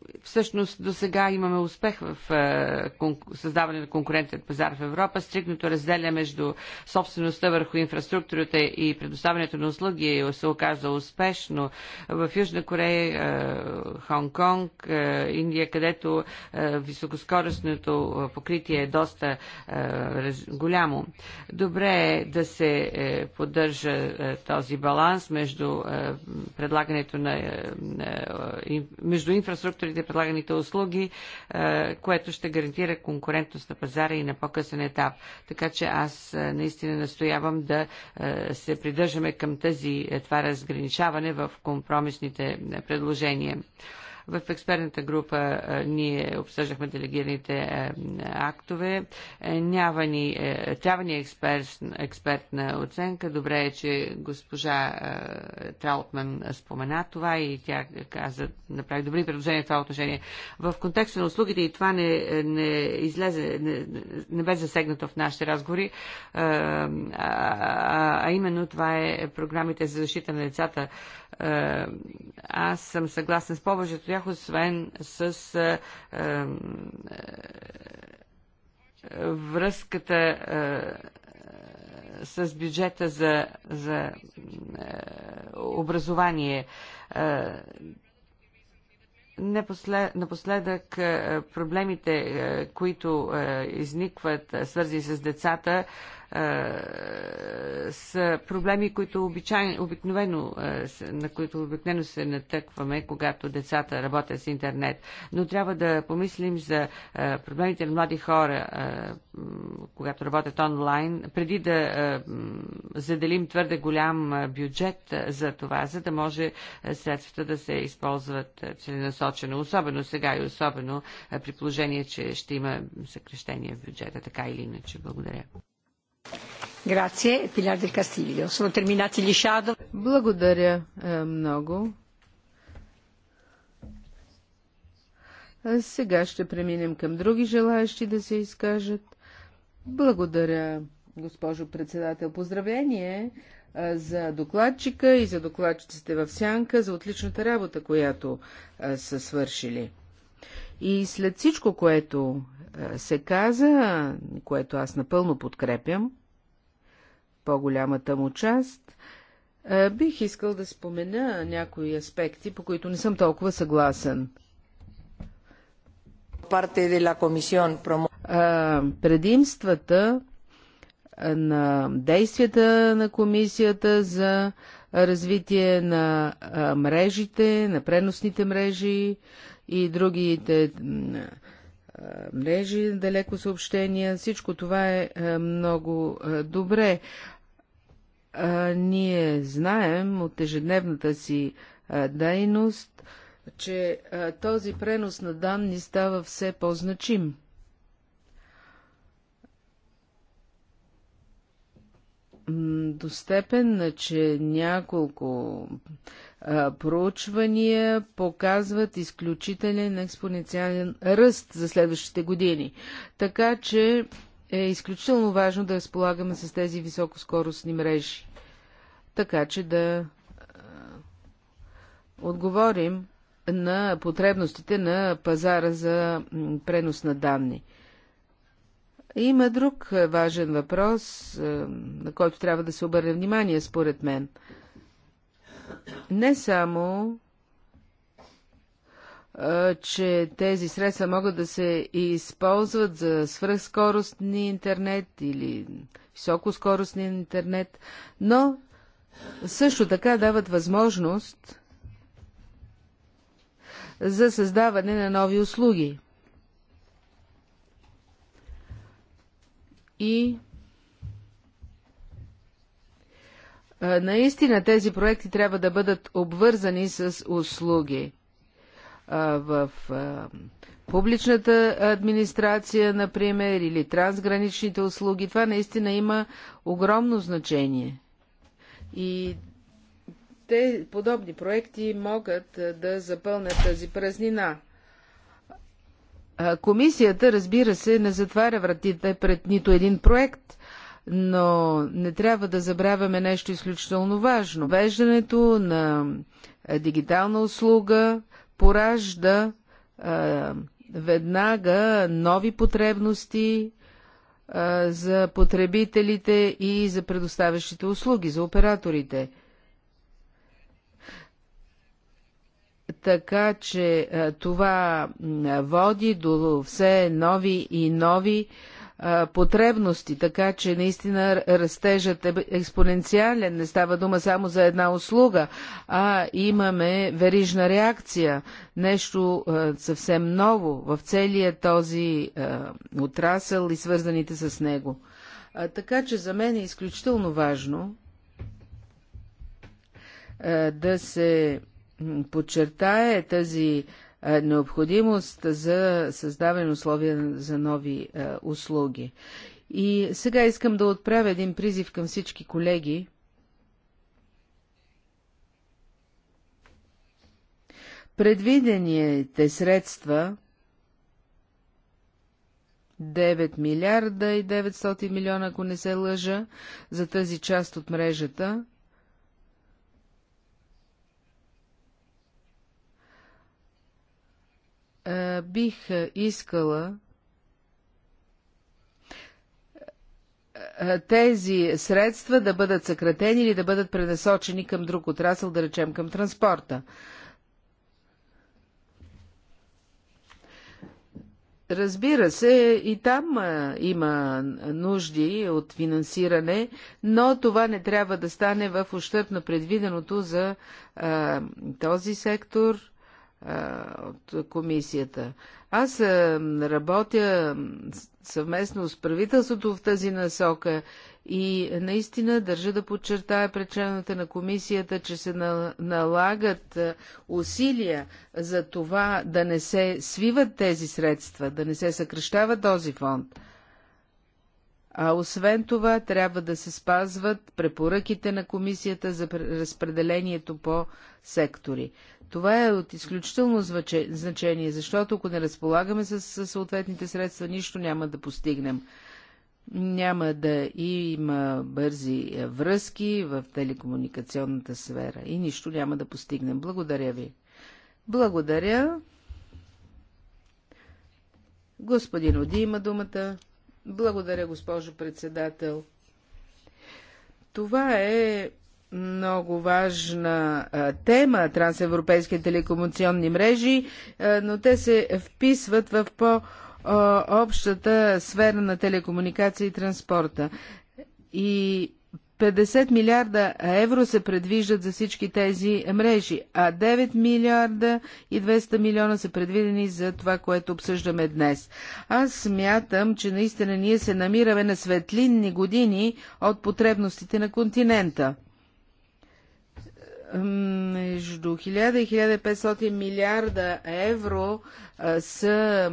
Speaker 2: Всъщност до сега имаме успех в е, създаване на конкурентен пазар в Европа. Стрикното разделя между собствеността върху инфраструктурата и предоставянето на услуги се оказа успешно в Южна Корея, е, Хонг-Конг, е, Индия, където високоскоростното покритие е доста голямо. Добре е да се поддържа този баланс между предлагането на между инфраструктурите предлаганите услуги, е, което ще гарантира конкурентност на пазара и на по-късен етап. Така че аз е, наистина настоявам да е, се придържаме към тази, това разграничаване в компромисните предложения. В експертната група ние обсъждахме делегираните актове. Е, няма ни, е, трябва ни експерт, експертна оценка. Добре е, че госпожа Траутман спомена това и тя каза, направи добри предложения в това отношение. В контекста на услугите и това не, не излезе, не, не бе засегнато в нашите разговори, а, а, а именно това е програмите за защита на децата. Аз съм съгласен с повечето състоях освен с а, а, връзката а, с бюджета за, за а, образование. А, Напоследък проблемите, които изникват, свързани с децата, са проблеми, които обичай, обикновено, на които обикновено се натъкваме, когато децата работят с интернет. Но трябва да помислим за проблемите на млади хора, когато работят онлайн, преди да заделим твърде голям бюджет за това, за да може средствата да се използват целенасочено, особено сега и особено при положение, че ще има съкрещение в бюджета, така или иначе. Благодаря.
Speaker 1: Благодаря е, много. сега ще преминем към други желаящи да се изкажат. Благодаря, госпожо председател. Поздравление е, за докладчика и за докладчиците в Сянка за отличната работа, която е, са свършили. И след всичко, което се каза, което аз напълно подкрепям, по-голямата му част. Е, бих искал да спомена някои аспекти, по които не съм толкова съгласен. Е, предимствата е, на действията на комисията за развитие на мрежите, на преносните мрежи и другите мрежи, далеко съобщения. Всичко това е много добре, а, ние знаем от ежедневната си а, дейност, че а, този пренос на данни става все по-значим. До степен, че няколко а, проучвания показват изключителен експоненциален ръст за следващите години. Така че е изключително важно да разполагаме с тези високоскоростни мрежи, така че да отговорим на потребностите на пазара за пренос на данни. Има друг важен въпрос, на който трябва да се обърне внимание, според мен. Не само че тези средства могат да се използват за свръхскоростни интернет или високоскоростни интернет, но също така дават възможност за създаване на нови услуги. И наистина тези проекти трябва да бъдат обвързани с услуги в публичната администрация, например, или трансграничните услуги. Това наистина има огромно значение. И те, подобни проекти могат да запълнят тази празнина. Комисията, разбира се, не затваря вратите пред нито един проект, но не трябва да забравяме нещо изключително важно. Веждането на дигитална услуга, поражда а, веднага нови потребности а, за потребителите и за предоставящите услуги, за операторите. Така че а, това води до все нови и нови а, потребности, така че наистина растежът е експоненциален. Не става дума само за една услуга, а имаме верижна реакция, нещо съвсем ново в целия този отрасъл и свързаните с него. Така че за мен е изключително важно да се подчертае тази е, необходимост за създаване условия за нови е, услуги. И сега искам да отправя един призив към всички колеги. Предвидените средства 9 милиарда и 900 милиона, ако не се лъжа, за тази част от мрежата, Е, бих е, искала е, тези средства да бъдат съкратени или да бъдат пренасочени към друг отрасъл, да речем към транспорта. Разбира се, и там има нужди от финансиране, но това не трябва да стане в ущърп на предвиденото за а, този сектор от комисията. Аз работя съвместно с правителството в тази насока и наистина държа да подчертая пред членовете на комисията, че се налагат усилия за това да не се свиват тези средства, да не се съкръщава този фонд. А освен това, трябва да се спазват препоръките на комисията за разпределението по сектори. Това е от изключително значение, защото ако не разполагаме с съответните средства, нищо няма да постигнем. Няма да има бързи е, връзки в телекомуникационната сфера и нищо няма да постигнем. Благодаря ви. Благодаря. Господин Оди има думата. Благодаря, госпожо председател. Това е много важна тема трансевропейски телекомуникационни мрежи, но те се вписват в по-общата сфера на телекомуникации и транспорта. И 50 милиарда евро се предвиждат за всички тези мрежи, а 9 милиарда и 200 милиона са предвидени за това, което обсъждаме днес. Аз смятам, че наистина ние се намираме на светлинни години от потребностите на континента между 1000 и 1500 милиарда евро са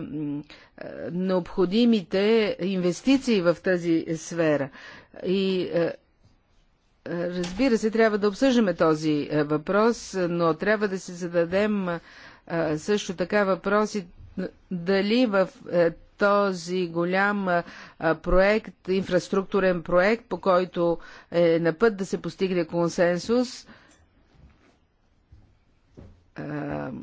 Speaker 1: необходимите инвестиции в тази сфера. И разбира се, трябва да обсъждаме този въпрос, но трябва да си зададем също така въпроси дали в този голям проект, инфраструктурен проект, по който е на път да се постигне консенсус,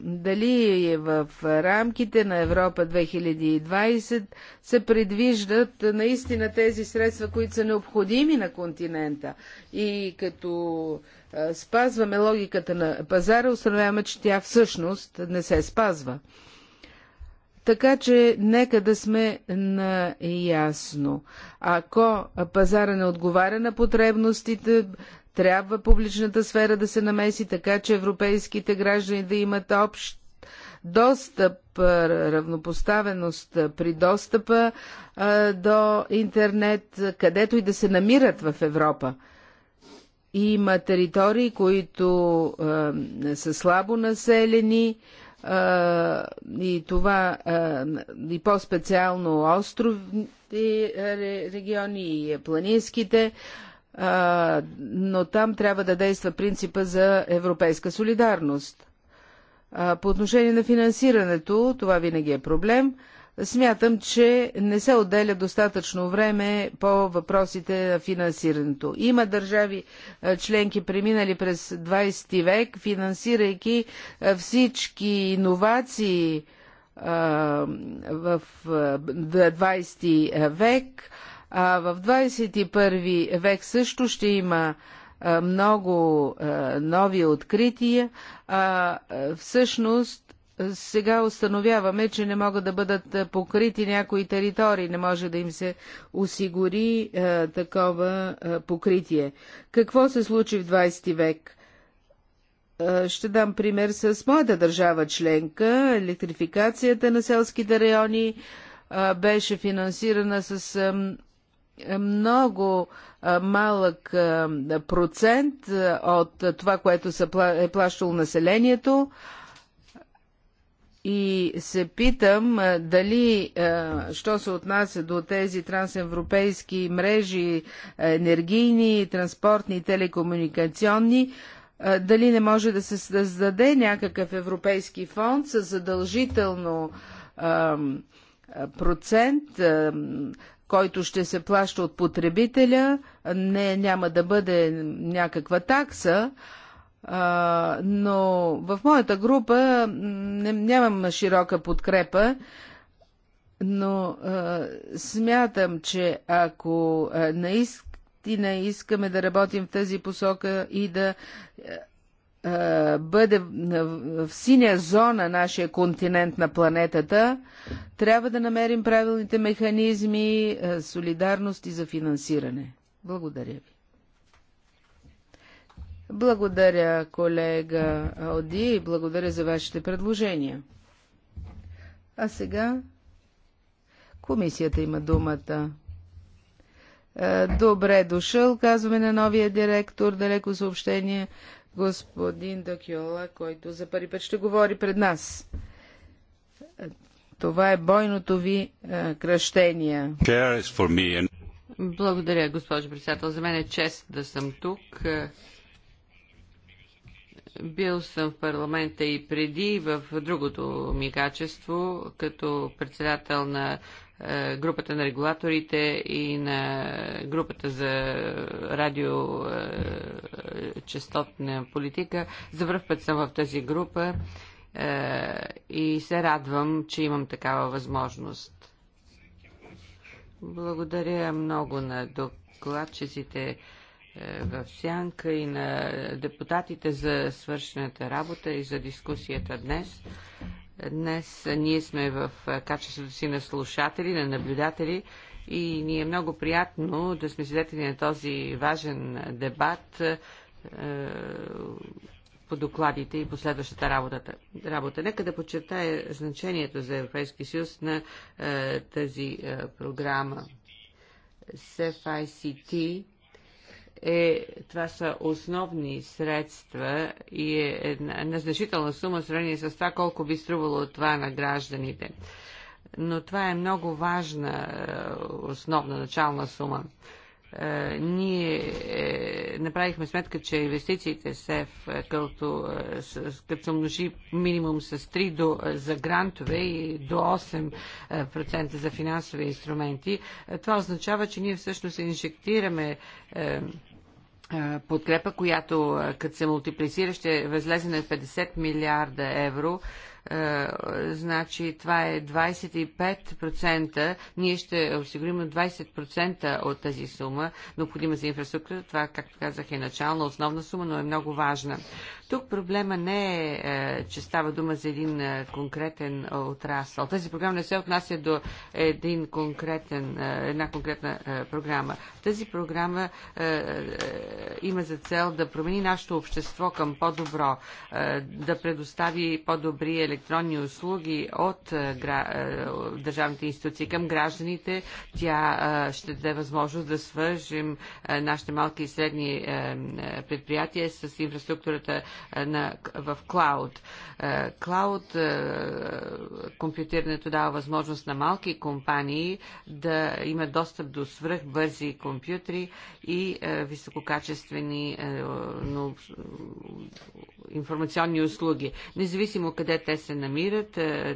Speaker 1: дали е в рамките на Европа 2020 се предвиждат наистина тези средства, които са необходими на континента. И като спазваме логиката на пазара, установяваме, че тя всъщност не се спазва. Така че нека да сме наясно. Ако пазара не отговаря на потребностите, трябва публичната сфера да се намеси така, че европейските граждани да имат общ достъп, равнопоставеност при достъпа до интернет, където и да се намират в Европа. Има територии, които а, са слабо населени, а, и това и по-специално островните региони и планинските, но там трябва да действа принципа за европейска солидарност. По отношение на финансирането, това винаги е проблем – смятам, че не се отделя достатъчно време по въпросите на финансирането. Има държави членки преминали през 20 век, финансирайки всички иновации в 20 век, а в 21 век също ще има много нови открития. Всъщност сега установяваме, че не могат да бъдат е, покрити някои територии, не може да им се осигури е, такова е, покритие. Какво се случи в 20 век? Е, ще дам пример с моята държава членка. Електрификацията на селските райони е, беше финансирана с много малък процент от това, което е плащало населението. И се питам дали, що се отнася до тези трансевропейски мрежи, енергийни, транспортни, телекомуникационни, дали не може да се създаде някакъв европейски фонд с задължително процент, който ще се плаща от потребителя, не, няма да бъде някаква такса, а, но в моята група не, нямам широка подкрепа, но а, смятам, че ако а, наистина искаме да работим в тази посока и да бъде в синя зона нашия континент на планетата, трябва да намерим правилните механизми, солидарност и за финансиране. Благодаря ви. Благодаря, колега Оди, и благодаря за вашите предложения. А сега комисията има думата. Е, добре дошъл, казваме на новия директор, далеко съобщение, господин Дакьола, който за първи път ще говори пред нас. Това е бойното ви е, кръщение.
Speaker 2: Благодаря, госпожо председател. За мен е чест да съм тук. Бил съм в парламента и преди в другото ми качество, като председател на е, групата на регулаторите и на групата за радиочастотна е, политика. За първ път съм в тази група е, и се радвам, че имам такава възможност. Благодаря много на докладчиците е, в сянка и на депутатите за свършената работа и за дискусията днес. Днес ние сме в качеството си на слушатели, на наблюдатели и ни е много приятно да сме свидетели на този важен дебат е, по докладите и последващата работата. работа. Нека да подчертая значението за Европейски съюз на е, тази е, програма CFICT е, това са основни средства и е една, една значителна сума в сравнение с това колко би струвало това на гражданите. Но това е много важна е, основна начална сума. Е, ние е, направихме сметка, че инвестициите в е, като, като се множи минимум с 3 до, за грантове и до 8% за финансови инструменти, това означава, че ние всъщност инжектираме подкрепа, която като се мултиплицира ще възлезе на 50 милиарда евро е, значи това е 25%, ние ще осигурим 20% от тази сума, необходима за инфраструктура. Това, както казах, е начална, основна сума, но е много важна. Тук проблема не е, е, че става дума за един е, конкретен е, отрасъл. Тази програма не се отнася до един конкретен, една конкретна програма. Тази програма има за цел да промени нашето общество към по-добро, да предостави по-добри електронни услуги от държавните институции към гражданите. Тя ще даде възможност да свържим нашите малки и средни предприятия с инфраструктурата на, в клауд. Клауд компютирането дава възможност на малки компании да имат достъп до свръхбързи компютри и висококачествени но, информационни услуги. Независимо къде те се намират,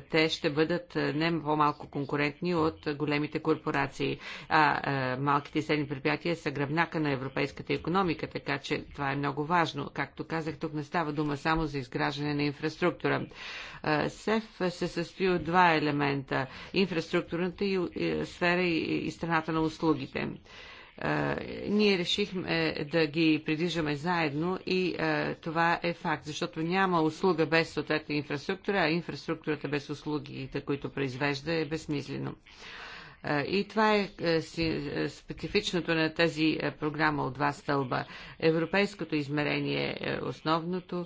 Speaker 2: те ще бъдат не по-малко конкурентни от големите корпорации. А малките и средни предприятия са гръбнака на европейската економика, така че това е много важно. Както казах, тук на става дума само за изграждане на инфраструктура. СЕФ се състои от два елемента инфраструктурната и, сфера и, страната на услугите ние решихме да ги придвижаме заедно и това е факт, защото няма услуга без съответна инфраструктура, а инфраструктурата без услугите, които произвежда, е безсмислено. И това е, е, е специфичното на тази е, програма от два стълба. Европейското измерение е основното.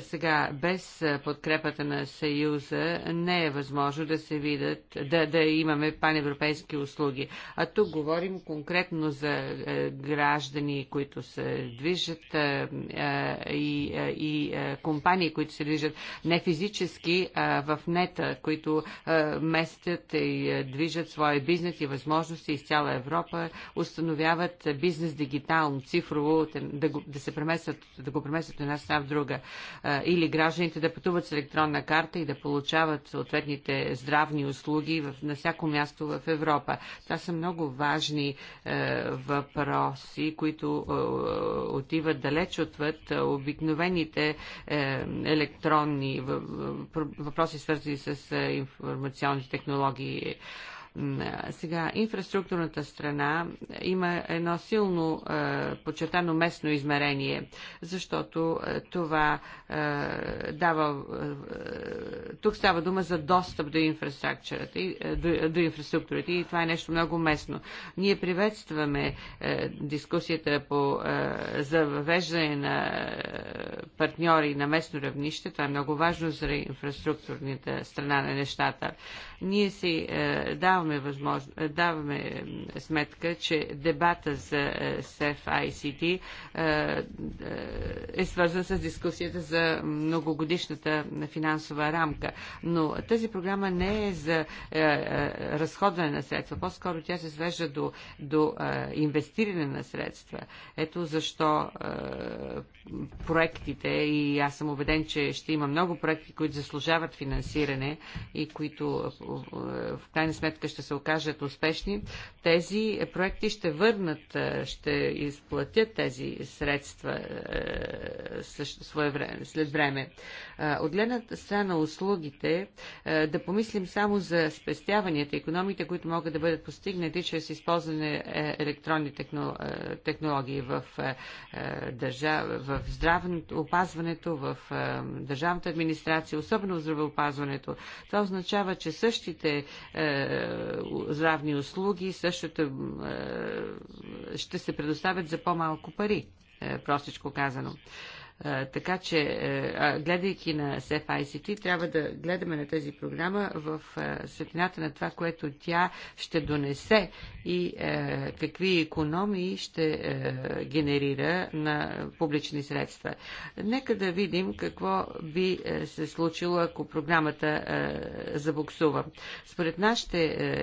Speaker 2: Сега, без подкрепата на Съюза не е възможно да се видят, да, да имаме паневропейски услуги. А тук говорим конкретно за граждани, които се движат и, и компании, които се движат не физически, а в нета, които местят и движат своя своя бизнес и възможности из цяла Европа, установяват бизнес дигитално, цифрово, да, го, да, се преместят, да го преместят от една страна в друга. Или гражданите да пътуват с електронна карта и да получават съответните здравни услуги на всяко място в Европа. Това са много важни е, въпроси, които е, отиват далеч отвъд е, обикновените електронни въпроси, свързани с информационни технологии. Сега, инфраструктурната страна има едно силно е, почетано местно измерение, защото е, това е, дава. Е, тук става дума за достъп до инфраструктурата, и, е, до, до инфраструктурата и това е нещо много местно. Ние приветстваме е, дискусията по, е, за въвеждане на партньори на местно равнище. Това е много важно за инфраструктурната страна на нещата. Е, ние си е, даваме, възможно, е, даваме сметка, че дебата за е, СЕФ ICT е свързан с дискусията за многогодишната финансова рамка. Но тази програма не е за разходване на средства. По-скоро тя се свежда до, до инвестиране на средства. Ето защо проектите, и аз съм убеден, че ще има много проекти, които заслужават финансиране и които в крайна сметка ще се окажат успешни, тези проекти ще върнат, е, ще изплатят тези средства е, след време. Е, от гледната страна на услугите, да помислим само за спестяванията, економите, които могат да бъдат постигнати чрез използване електронни технологии в, държав... в здравното опазването, в държавната администрация, особено в здравеопазването. Това означава, че също същите е, здравни услуги, същото е, ще се предоставят за по-малко пари, е, простичко казано. Така че, е, гледайки на CFICT, трябва да гледаме на тази програма в е, светлината на това, което тя ще донесе и е, какви економии ще генерира на публични средства. Нека да видим какво би се случило, ако програмата забуксува. Според нашите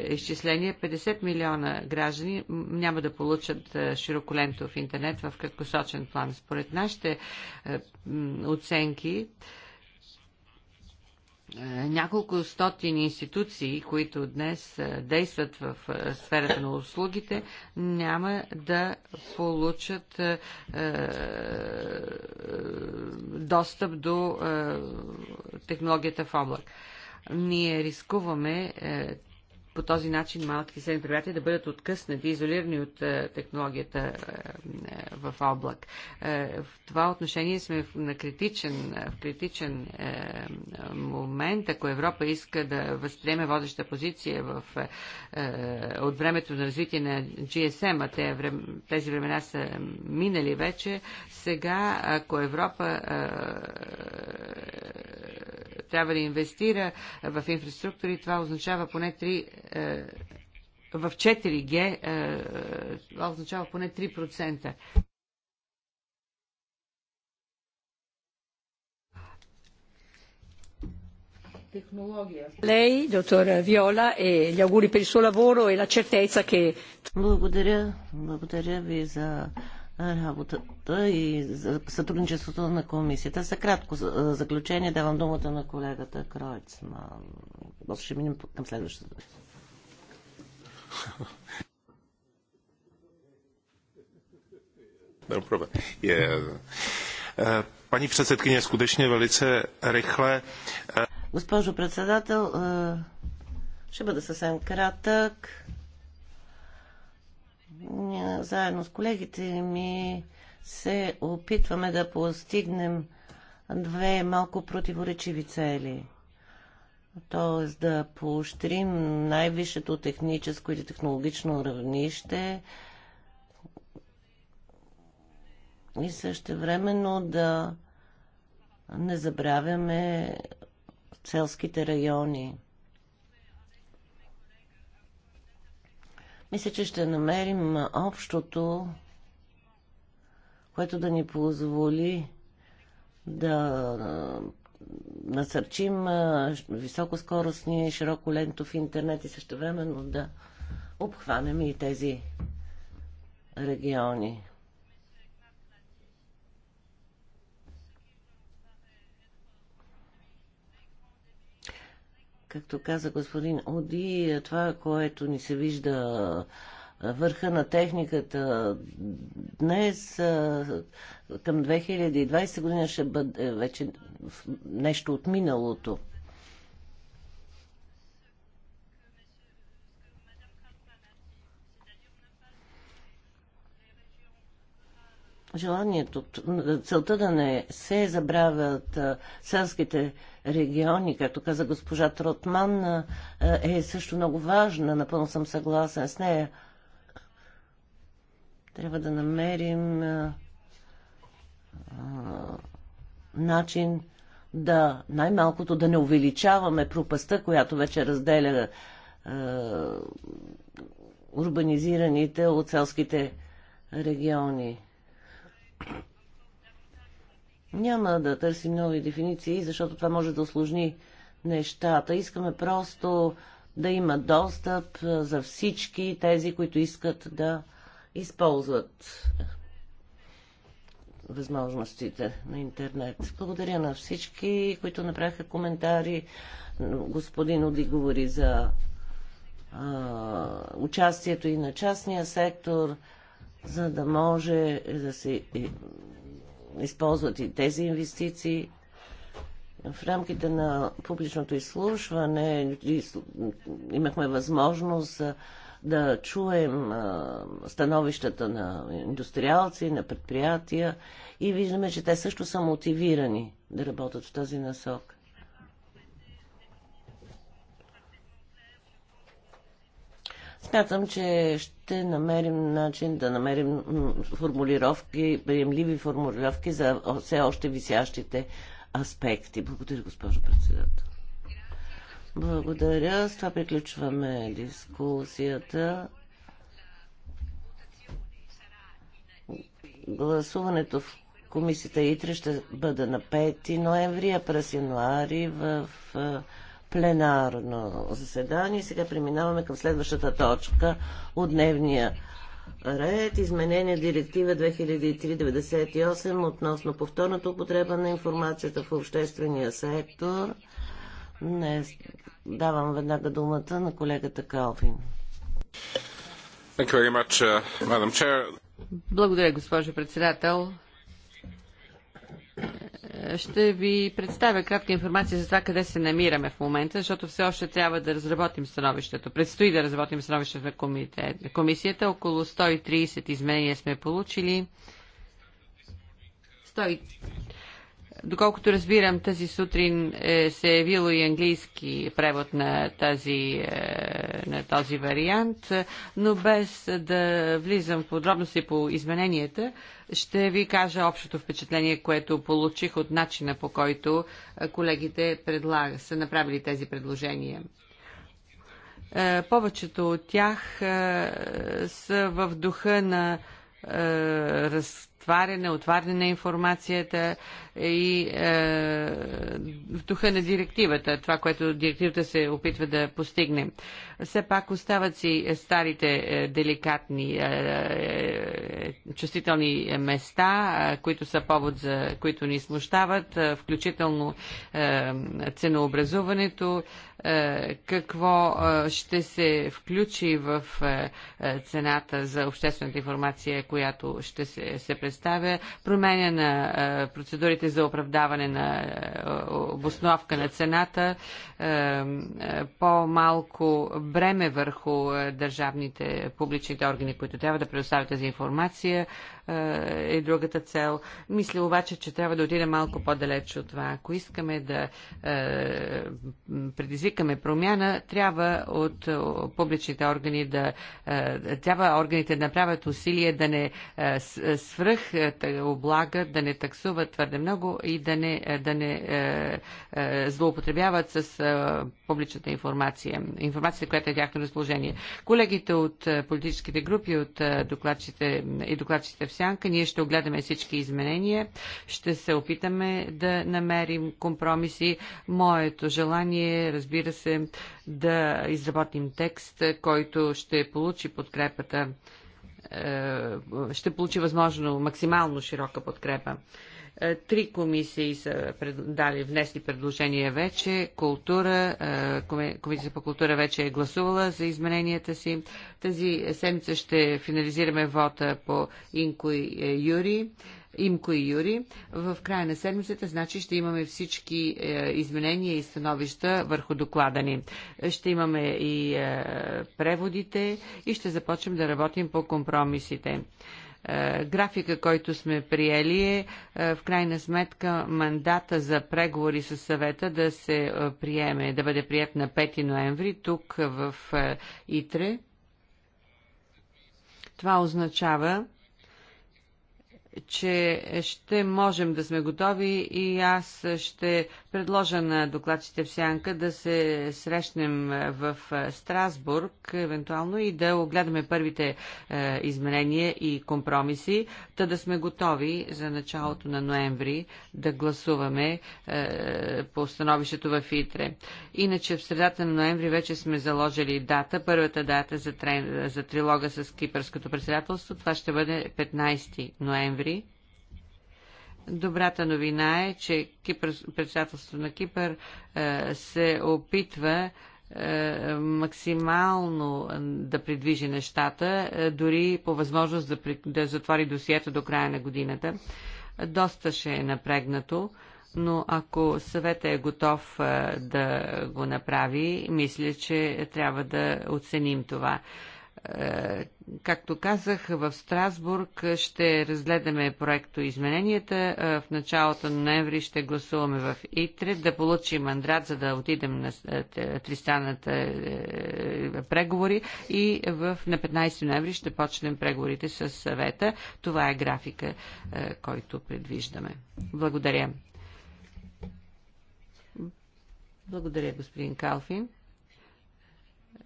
Speaker 2: изчисления, 50 милиона граждани няма да получат широколентов интернет в краткосочен план. Според нашите е, оценки. Е, няколко стотин институции, които днес е, действат в сферата на услугите, няма да получат достъп до технологията в облак ние рискуваме по този начин малките и предприятия да бъдат откъснати, изолирани от е, технологията е, е, в облак. В това отношение сме на критичен, в критичен момент, ако Европа иска да възприеме водеща позиция в, от времето на развитие на GSM, а те, тези времена са минали вече, сега, ако Европа трябва да инвестира в инфраструктури, това означава поне три. Е, в 4G, е, това означава поне 3%. Lei, dottor Viola, e gli auguri per il suo lavoro e la certezza
Speaker 3: che... Благодаря, благодаря ви за е, работата и за сътрудничеството на комисията. За кратко заключение давам думата на колегата Кройцман. После ще минем към следващата. *laughs* No eh, eh, Paní předsedkyně, skutečně velice rychle. Eh, Госпожо председател, е, ще бъда съвсем кратък. Заедно с колегите ми се опитваме да постигнем две малко противоречиви цели – т.е. да поощрим най-висшето техническо или технологично равнище и също времено да не забравяме селските райони. Мисля, че ще намерим общото, което да ни позволи да насърчим високоскоростния и широколентов интернет и също времено да обхванем и тези региони. Както каза господин Оди, това, което ни се вижда върха на техниката днес към 2020 година ще бъде вече нещо от миналото. желанието, целта да не се забравят селските региони, както каза госпожа Тротман, е също много важна. Напълно съм съгласен с нея. Трябва да намерим а, а, начин да най-малкото да не увеличаваме пропаста, която вече разделя а, урбанизираните от селските региони. Няма да търсим нови дефиниции, защото това може да осложни нещата. Искаме просто да има достъп за всички тези, които искат да използват възможностите на интернет. Благодаря на всички, които направиха коментари. Господин Оди говори за а, участието и на частния сектор, за да може да се е, използват и тези инвестиции. В рамките на публичното изслушване имахме възможност за да чуем становищата на индустриалци, на предприятия и виждаме, че те също са мотивирани да работят в тази насок. Смятам, че ще намерим начин да намерим формулировки, приемливи формулировки за все още висящите аспекти. Благодаря, госпожо председател. Благодаря. С това приключваме дискусията. Гласуването в комисията ИТРЕ ще бъде на 5 ноември, а през януари в пленарно заседание. Сега преминаваме към следващата точка от дневния ред. Изменение директива 2003-98 относно повторната употреба на информацията в обществения сектор. Днес Давам веднага думата на колегата Калвин. Much, uh, Благодаря, госпожо председател.
Speaker 2: Ще ви представя кратка информация за това къде се намираме в момента, защото все още трябва да разработим становището. Предстои да разработим становището на, комисията. Около 130 изменения сме получили. Доколкото разбирам, тази сутрин е, се е явило и английски превод на, тази, е, на този вариант, но без да влизам в подробности по измененията, ще ви кажа общото впечатление, което получих от начина по който колегите предлаг, са направили тези предложения. Е, повечето от тях е, са в духа на е, разтваряне, отваряне на информацията, и е, в духа на директивата, това, което директивата се опитва да постигне. Все пак остават си старите е, деликатни е, е, чувствителни места, е, които са повод за които ни смущават, е, включително е, ценообразуването, е, какво е, ще се включи в е, е цената за обществената информация, която ще се, се представя, променя на е, процедурите мерки за оправдаване на е, обосновка на цената, е, е, по-малко бреме върху държавните публичните органи, които трябва да предоставят тази информация е другата цел. Мисля обаче, че трябва да отидем малко по-далеч от това. Ако искаме да предизвикаме промяна, трябва от публичните органи да трябва органите да направят усилие да не свръх облагат, да не таксуват твърде много много и да не, да не е, е, злоупотребяват с е, публичната информация, информацията, която е тяхно разположение. Колегите от е, политическите групи, от е, докладчите и докладчите в Сянка, ние ще огледаме всички изменения, ще се опитаме да намерим компромиси. Моето желание, разбира се, да изработим текст, който ще получи подкрепата е, ще получи възможно максимално широка подкрепа. Е, три комисии са дали, внесли предложения вече. Култура, е, комисия по култура вече е гласувала за измененията си. Тази седмица ще финализираме вота по Инко и е, Юри. Имко и Юри. В края на седмицата, значи, ще имаме всички изменения и становища върху доклада ни. Ще имаме и преводите и ще започнем да работим по компромисите. Е, графика, който сме приели е, е в крайна сметка мандата за преговори с съвета да се е, приеме, да бъде прият на 5 ноември тук в Итре. Това означава, че ще можем да сме готови и аз ще предложа на докладчите в Сянка да се срещнем в Страсбург, евентуално и да огледаме първите е, изменения и компромиси, та да сме готови за началото на ноември да гласуваме е, по становището в ИТРЕ. Иначе в средата на ноември вече сме заложили дата, първата дата за, трен, за трилога с Кипърското председателство. Това ще бъде 15 ноември Кипри. Добрата новина е, че Кипър, председателството на Кипър е, се опитва е, максимално да придвижи нещата, е, дори по възможност да, да затвори досието до края на годината. Доста ще е напрегнато, но ако съветът е готов да го направи, мисля, че трябва да оценим това. Както казах, в Страсбург ще разгледаме проекто измененията. В началото на ноември ще гласуваме в ИТРЕ да получим мандрат, за да отидем на тристранната е, преговори и в, на 15 ноември ще почнем преговорите с съвета. Това е графика, е, който предвиждаме. Благодаря. Благодаря, господин Калфин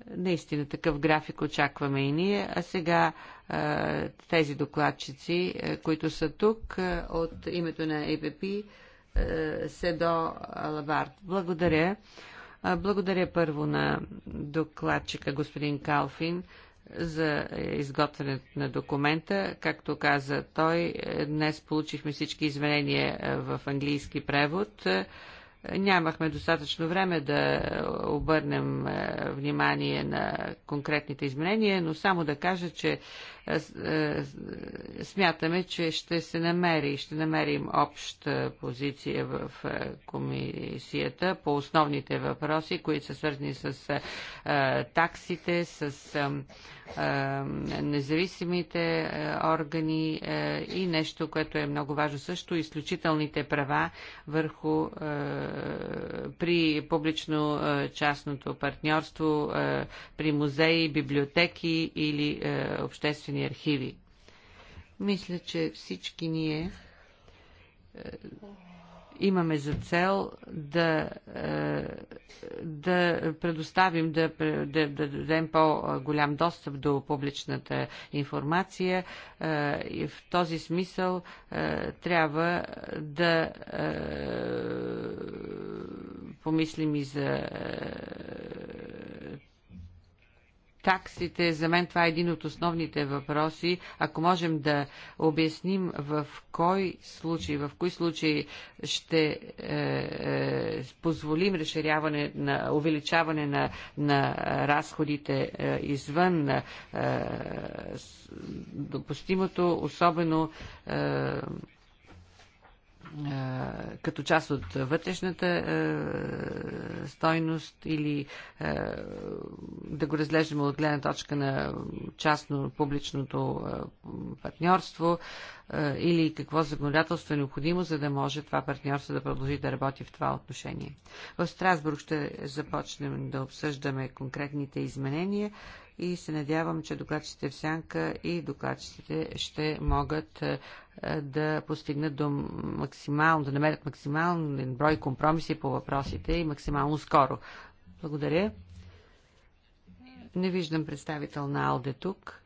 Speaker 2: наистина такъв график очакваме и ние, а сега тези докладчици, които са тук от името на ЕПП, Седо Алабард. Благодаря. Благодаря първо на докладчика господин Калфин за изготвянето на документа. Както каза той, днес получихме всички изменения в английски превод. Нямахме достатъчно време да обърнем е, внимание на конкретните изменения, но само да кажа, че е, е, смятаме, че ще се намери, ще намерим обща позиция в е, комисията по основните въпроси, които са свързани с таксите, с независимите органи и нещо, което е много важно също, изключителните права върху при публично-частното партньорство, при музеи, библиотеки или обществени публични архиви. Мисля, че всички ние е, имаме за цел да, е, да предоставим, да, да, да дадем по-голям достъп до публичната информация. Е, и в този смисъл трябва да помислим и за таксите, за мен това е един от основните въпроси. Ако можем да обясним в кой случай, в кой случай ще е, е, позволим разширяване на увеличаване на, на разходите е, извън е, допустимото, особено е, е, като част от вътрешната е, стойност или е, да го разглеждаме от гледна точка на частно-публичното е, партньорство е, или какво законодателство е необходимо, за да може това партньорство да продължи да работи в това отношение. В Страсбург ще започнем да обсъждаме конкретните изменения и се надявам, че докладчите в сянка и докладчиците ще могат да постигнат до максимално, да намерят максимален брой компромиси по въпросите и максимално максимално скоро. Благодаря. Не виждам представител на Алде тук,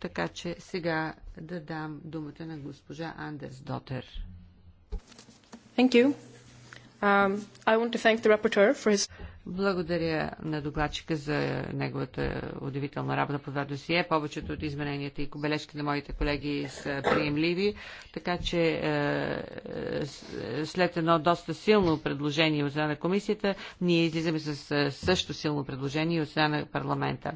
Speaker 2: така че сега да дам думата на госпожа Андерс Дотер. Thank you. Um, I want to thank the rapporteur for his... Благодаря на докладчика за неговата удивителна работа по това досие. Повечето от измененията и бележки на моите колеги са приемливи, така че е, е, след едно доста силно предложение от страна на комисията, ние излизаме с е, също силно предложение от страна на парламента.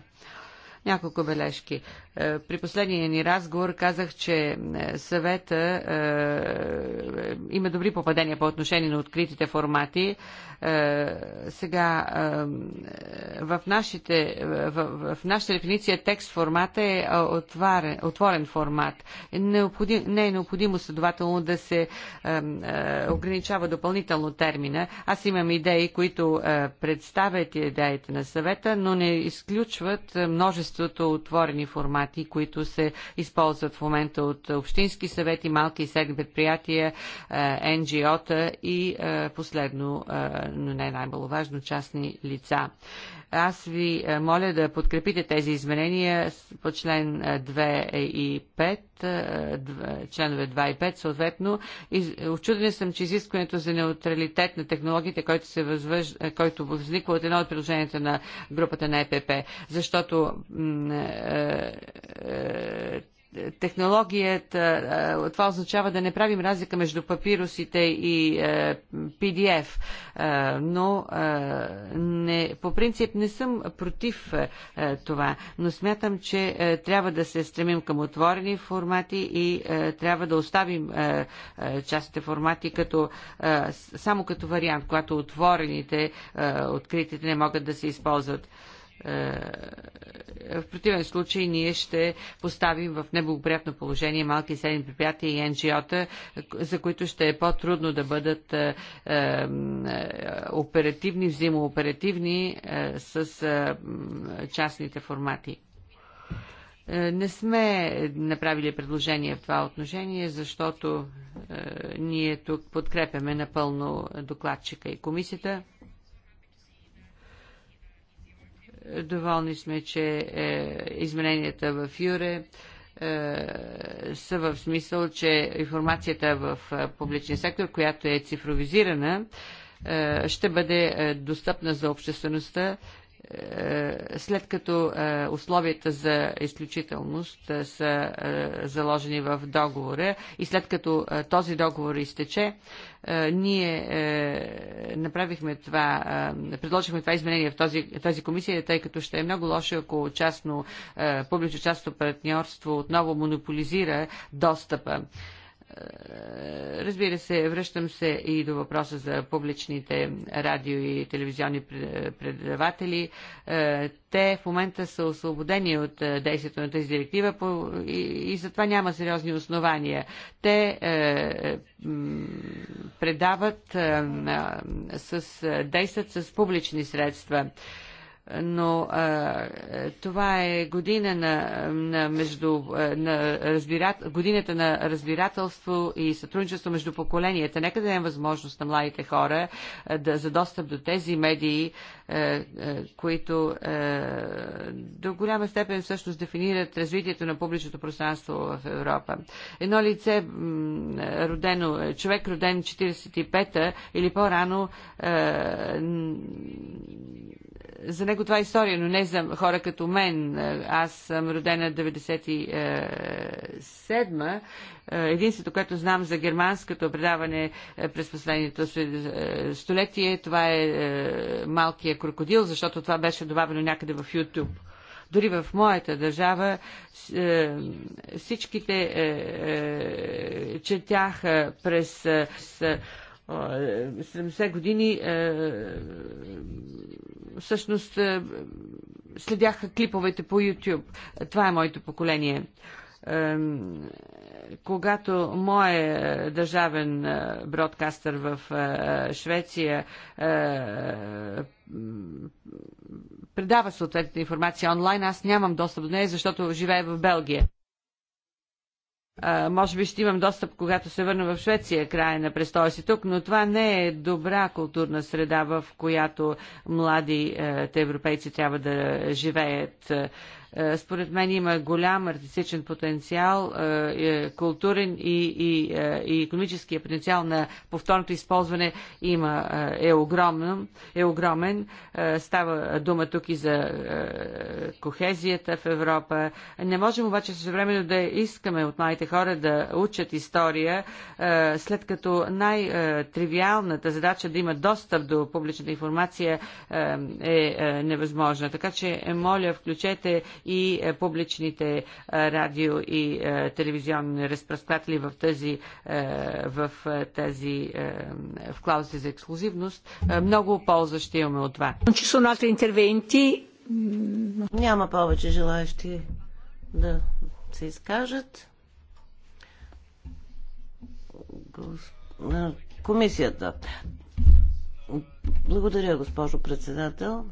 Speaker 2: Няколко бележки. Е, при последния ни разговор казах, че е, съвета е, има добри попадения по отношение на откритите формати. сега в, нашите, в, в нашата дефиниция текст формата е отварен, отворен формат. Необходим, не е необходимо следователно да се ограничава допълнително термина. Аз имам идеи, които представят идеите на съвета, но не изключват множество множеството отворени формати, които се използват в момента от общински съвети, малки и средни предприятия, е, НГО-та и е, последно, е, но не най-маловажно, частни лица. Аз ви е, моля да подкрепите тези изменения по член 2 е, и 5, е, членове 2 и 5 съответно. Очуден съм, че изискването за неутралитет на технологиите, който, се възвъж... който възниква от едно от приложенията на групата на ЕПП, защото технологията, това означава да не правим разлика между папирусите и PDF, е, е, но е, не, по принцип не съм против това, но смятам, че трябва да се стремим към отворени формати и трябва да оставим частите формати като, само като вариант, когато отворените, откритите не могат да се използват. Е, в противен случай ние ще поставим в неблагоприятно положение малки и средни предприятия и НГО-та, за които ще е по-трудно да бъдат е, е, оперативни, взаимооперативни с частните формати. Не сме направили предложение в това отношение, защото ние тук подкрепяме напълно докладчика и комисията. Доволни сме, че е, измененията в Юре е, са в смисъл, че информацията в е, публичния сектор, която е цифровизирана, е, ще бъде достъпна за обществеността е, след като е, условията за изключителност е, са заложени в договора и след като този договор изтече, ние направихме това, предложихме това изменение в този, тази комисия, тъй като ще е много лошо, ако частно, публично-частно партньорство отново монополизира достъпа Разбира се, връщам се и до въпроса за публичните радио и телевизионни предаватели. Е, те в момента са освободени от е, действието на тази директива и затова няма сериозни основания. Те е, предават с, действат с публични средства но това е година на, на, между, на разбират, годината на разбирателство и сътрудничество между поколенията. Нека да дадем възможност на младите хора да, за достъп до тези медии, които до голяма степен всъщност дефинират развитието на публичното пространство в Европа. Едно лице, родено, човек роден 45-та или по-рано, за него това е история, но не за хора като мен. Аз съм родена 97-ма. Единството, което знам за германското предаване е, през последното е, столетие, това е, е малкия крокодил, защото това беше добавено някъде в YouTube. Дори в моята държава всичките четяха през 70 е, години е, всъщност е, следяха клиповете по YouTube. Това е моето поколение. Когато мой държавен бродкастър в Швеция предава съответната информация онлайн, аз нямам достъп до нея, защото живея в Белгия. А, може би ще имам достъп, когато се върна в Швеция, края на престоя си тук, но това не е добра културна среда, в която младите европейци трябва да живеят. Е, според мен има голям артистичен потенциал, е, е, културен и, и, и економическия потенциал на повторното използване има, е, огромен, е огромен. Става дума тук и за кохезията в Европа. Не можем обаче същевременно да искаме от младите хора да учат история, след като най-тривиалната задача да има достъп до публичната информация е невъзможна. Така че, моля, включете и е, публичните е, радио и е, телевизионни разпръскватели в тази, в тази в клаузи за ексклюзивност. Много полза ще имаме от това.
Speaker 3: Няма повече желаящи да се изкажат. Комисията. Благодаря, госпожо председател.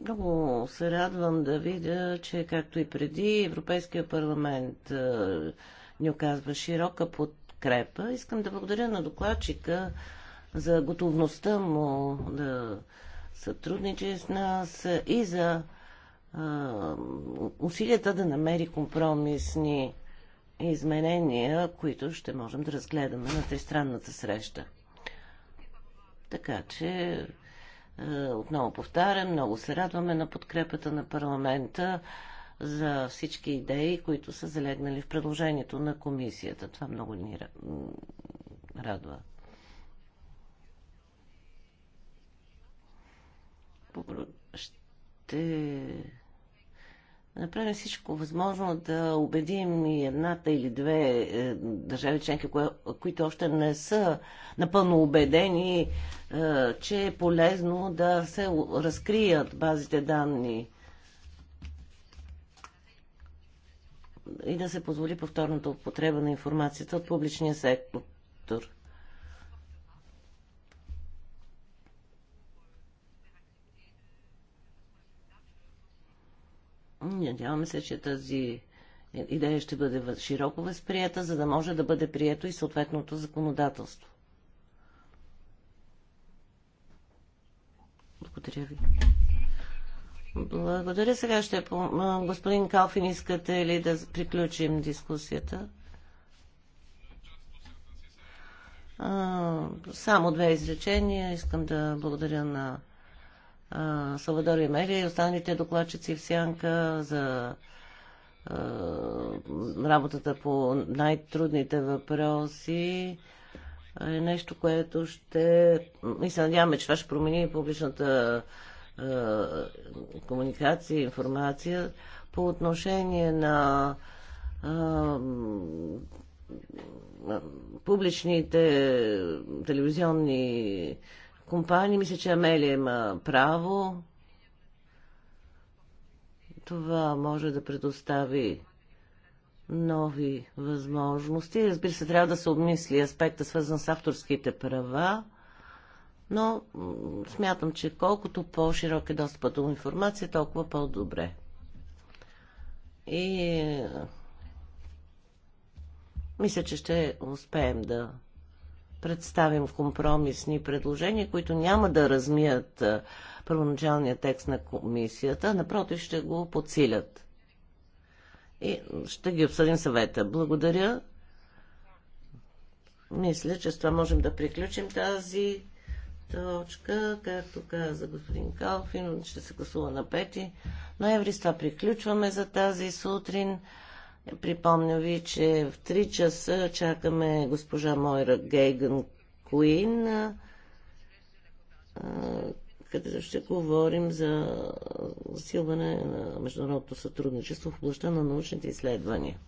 Speaker 3: Много се радвам да видя, че както и преди Европейския парламент е, ни оказва широка подкрепа. Искам да благодаря на докладчика за готовността му да сътрудничи с нас и за е, усилията да намери компромисни изменения, които ще можем да разгледаме на тристранната среща. Така че е, отново повтарям, много се радваме на подкрепата на парламента за всички идеи, които са залегнали в предложението на комисията. Това много ни радва. Ще направим всичко възможно да убедим и едната или две е, държави членки, кои, които още не са напълно убедени, е, че е полезно да се разкрият базите данни и да се позволи повторната употреба на информацията от публичния сектор. Надяваме се, че тази идея ще бъде широко възприята, за да може да бъде прието и съответното законодателство. Благодаря ви. Благодаря. Сега ще по... Господин Калфин, искате ли да приключим дискусията? А, само две изречения. Искам да благодаря на Салвадор Мерия и останалите докладчици в Сянка за работата по най-трудните въпроси е нещо, което ще... И се надяваме, че това ще промени публичната а, комуникация, информация по отношение на а, публичните телевизионни компании. Мисля, че Амелия има право. Това може да предостави нови възможности. Разбира се, трябва да се обмисли аспекта, свързан с авторските права, но смятам, че колкото по-широк е достъпът до информация, толкова по-добре. И е, мисля, че ще успеем да представим компромисни предложения, които няма да размият първоначалния текст на комисията, напротив ще го подсилят. И ще ги обсъдим съвета. Благодаря. Мисля, че с това можем да приключим тази точка. Както каза господин Калфин, ще се гласува на пети ноември. С това приключваме за тази сутрин. Припомня ви, че в 3 часа чакаме госпожа Мойра Гейган Куин, където ще говорим за усилване на международното сътрудничество в областта на научните изследвания.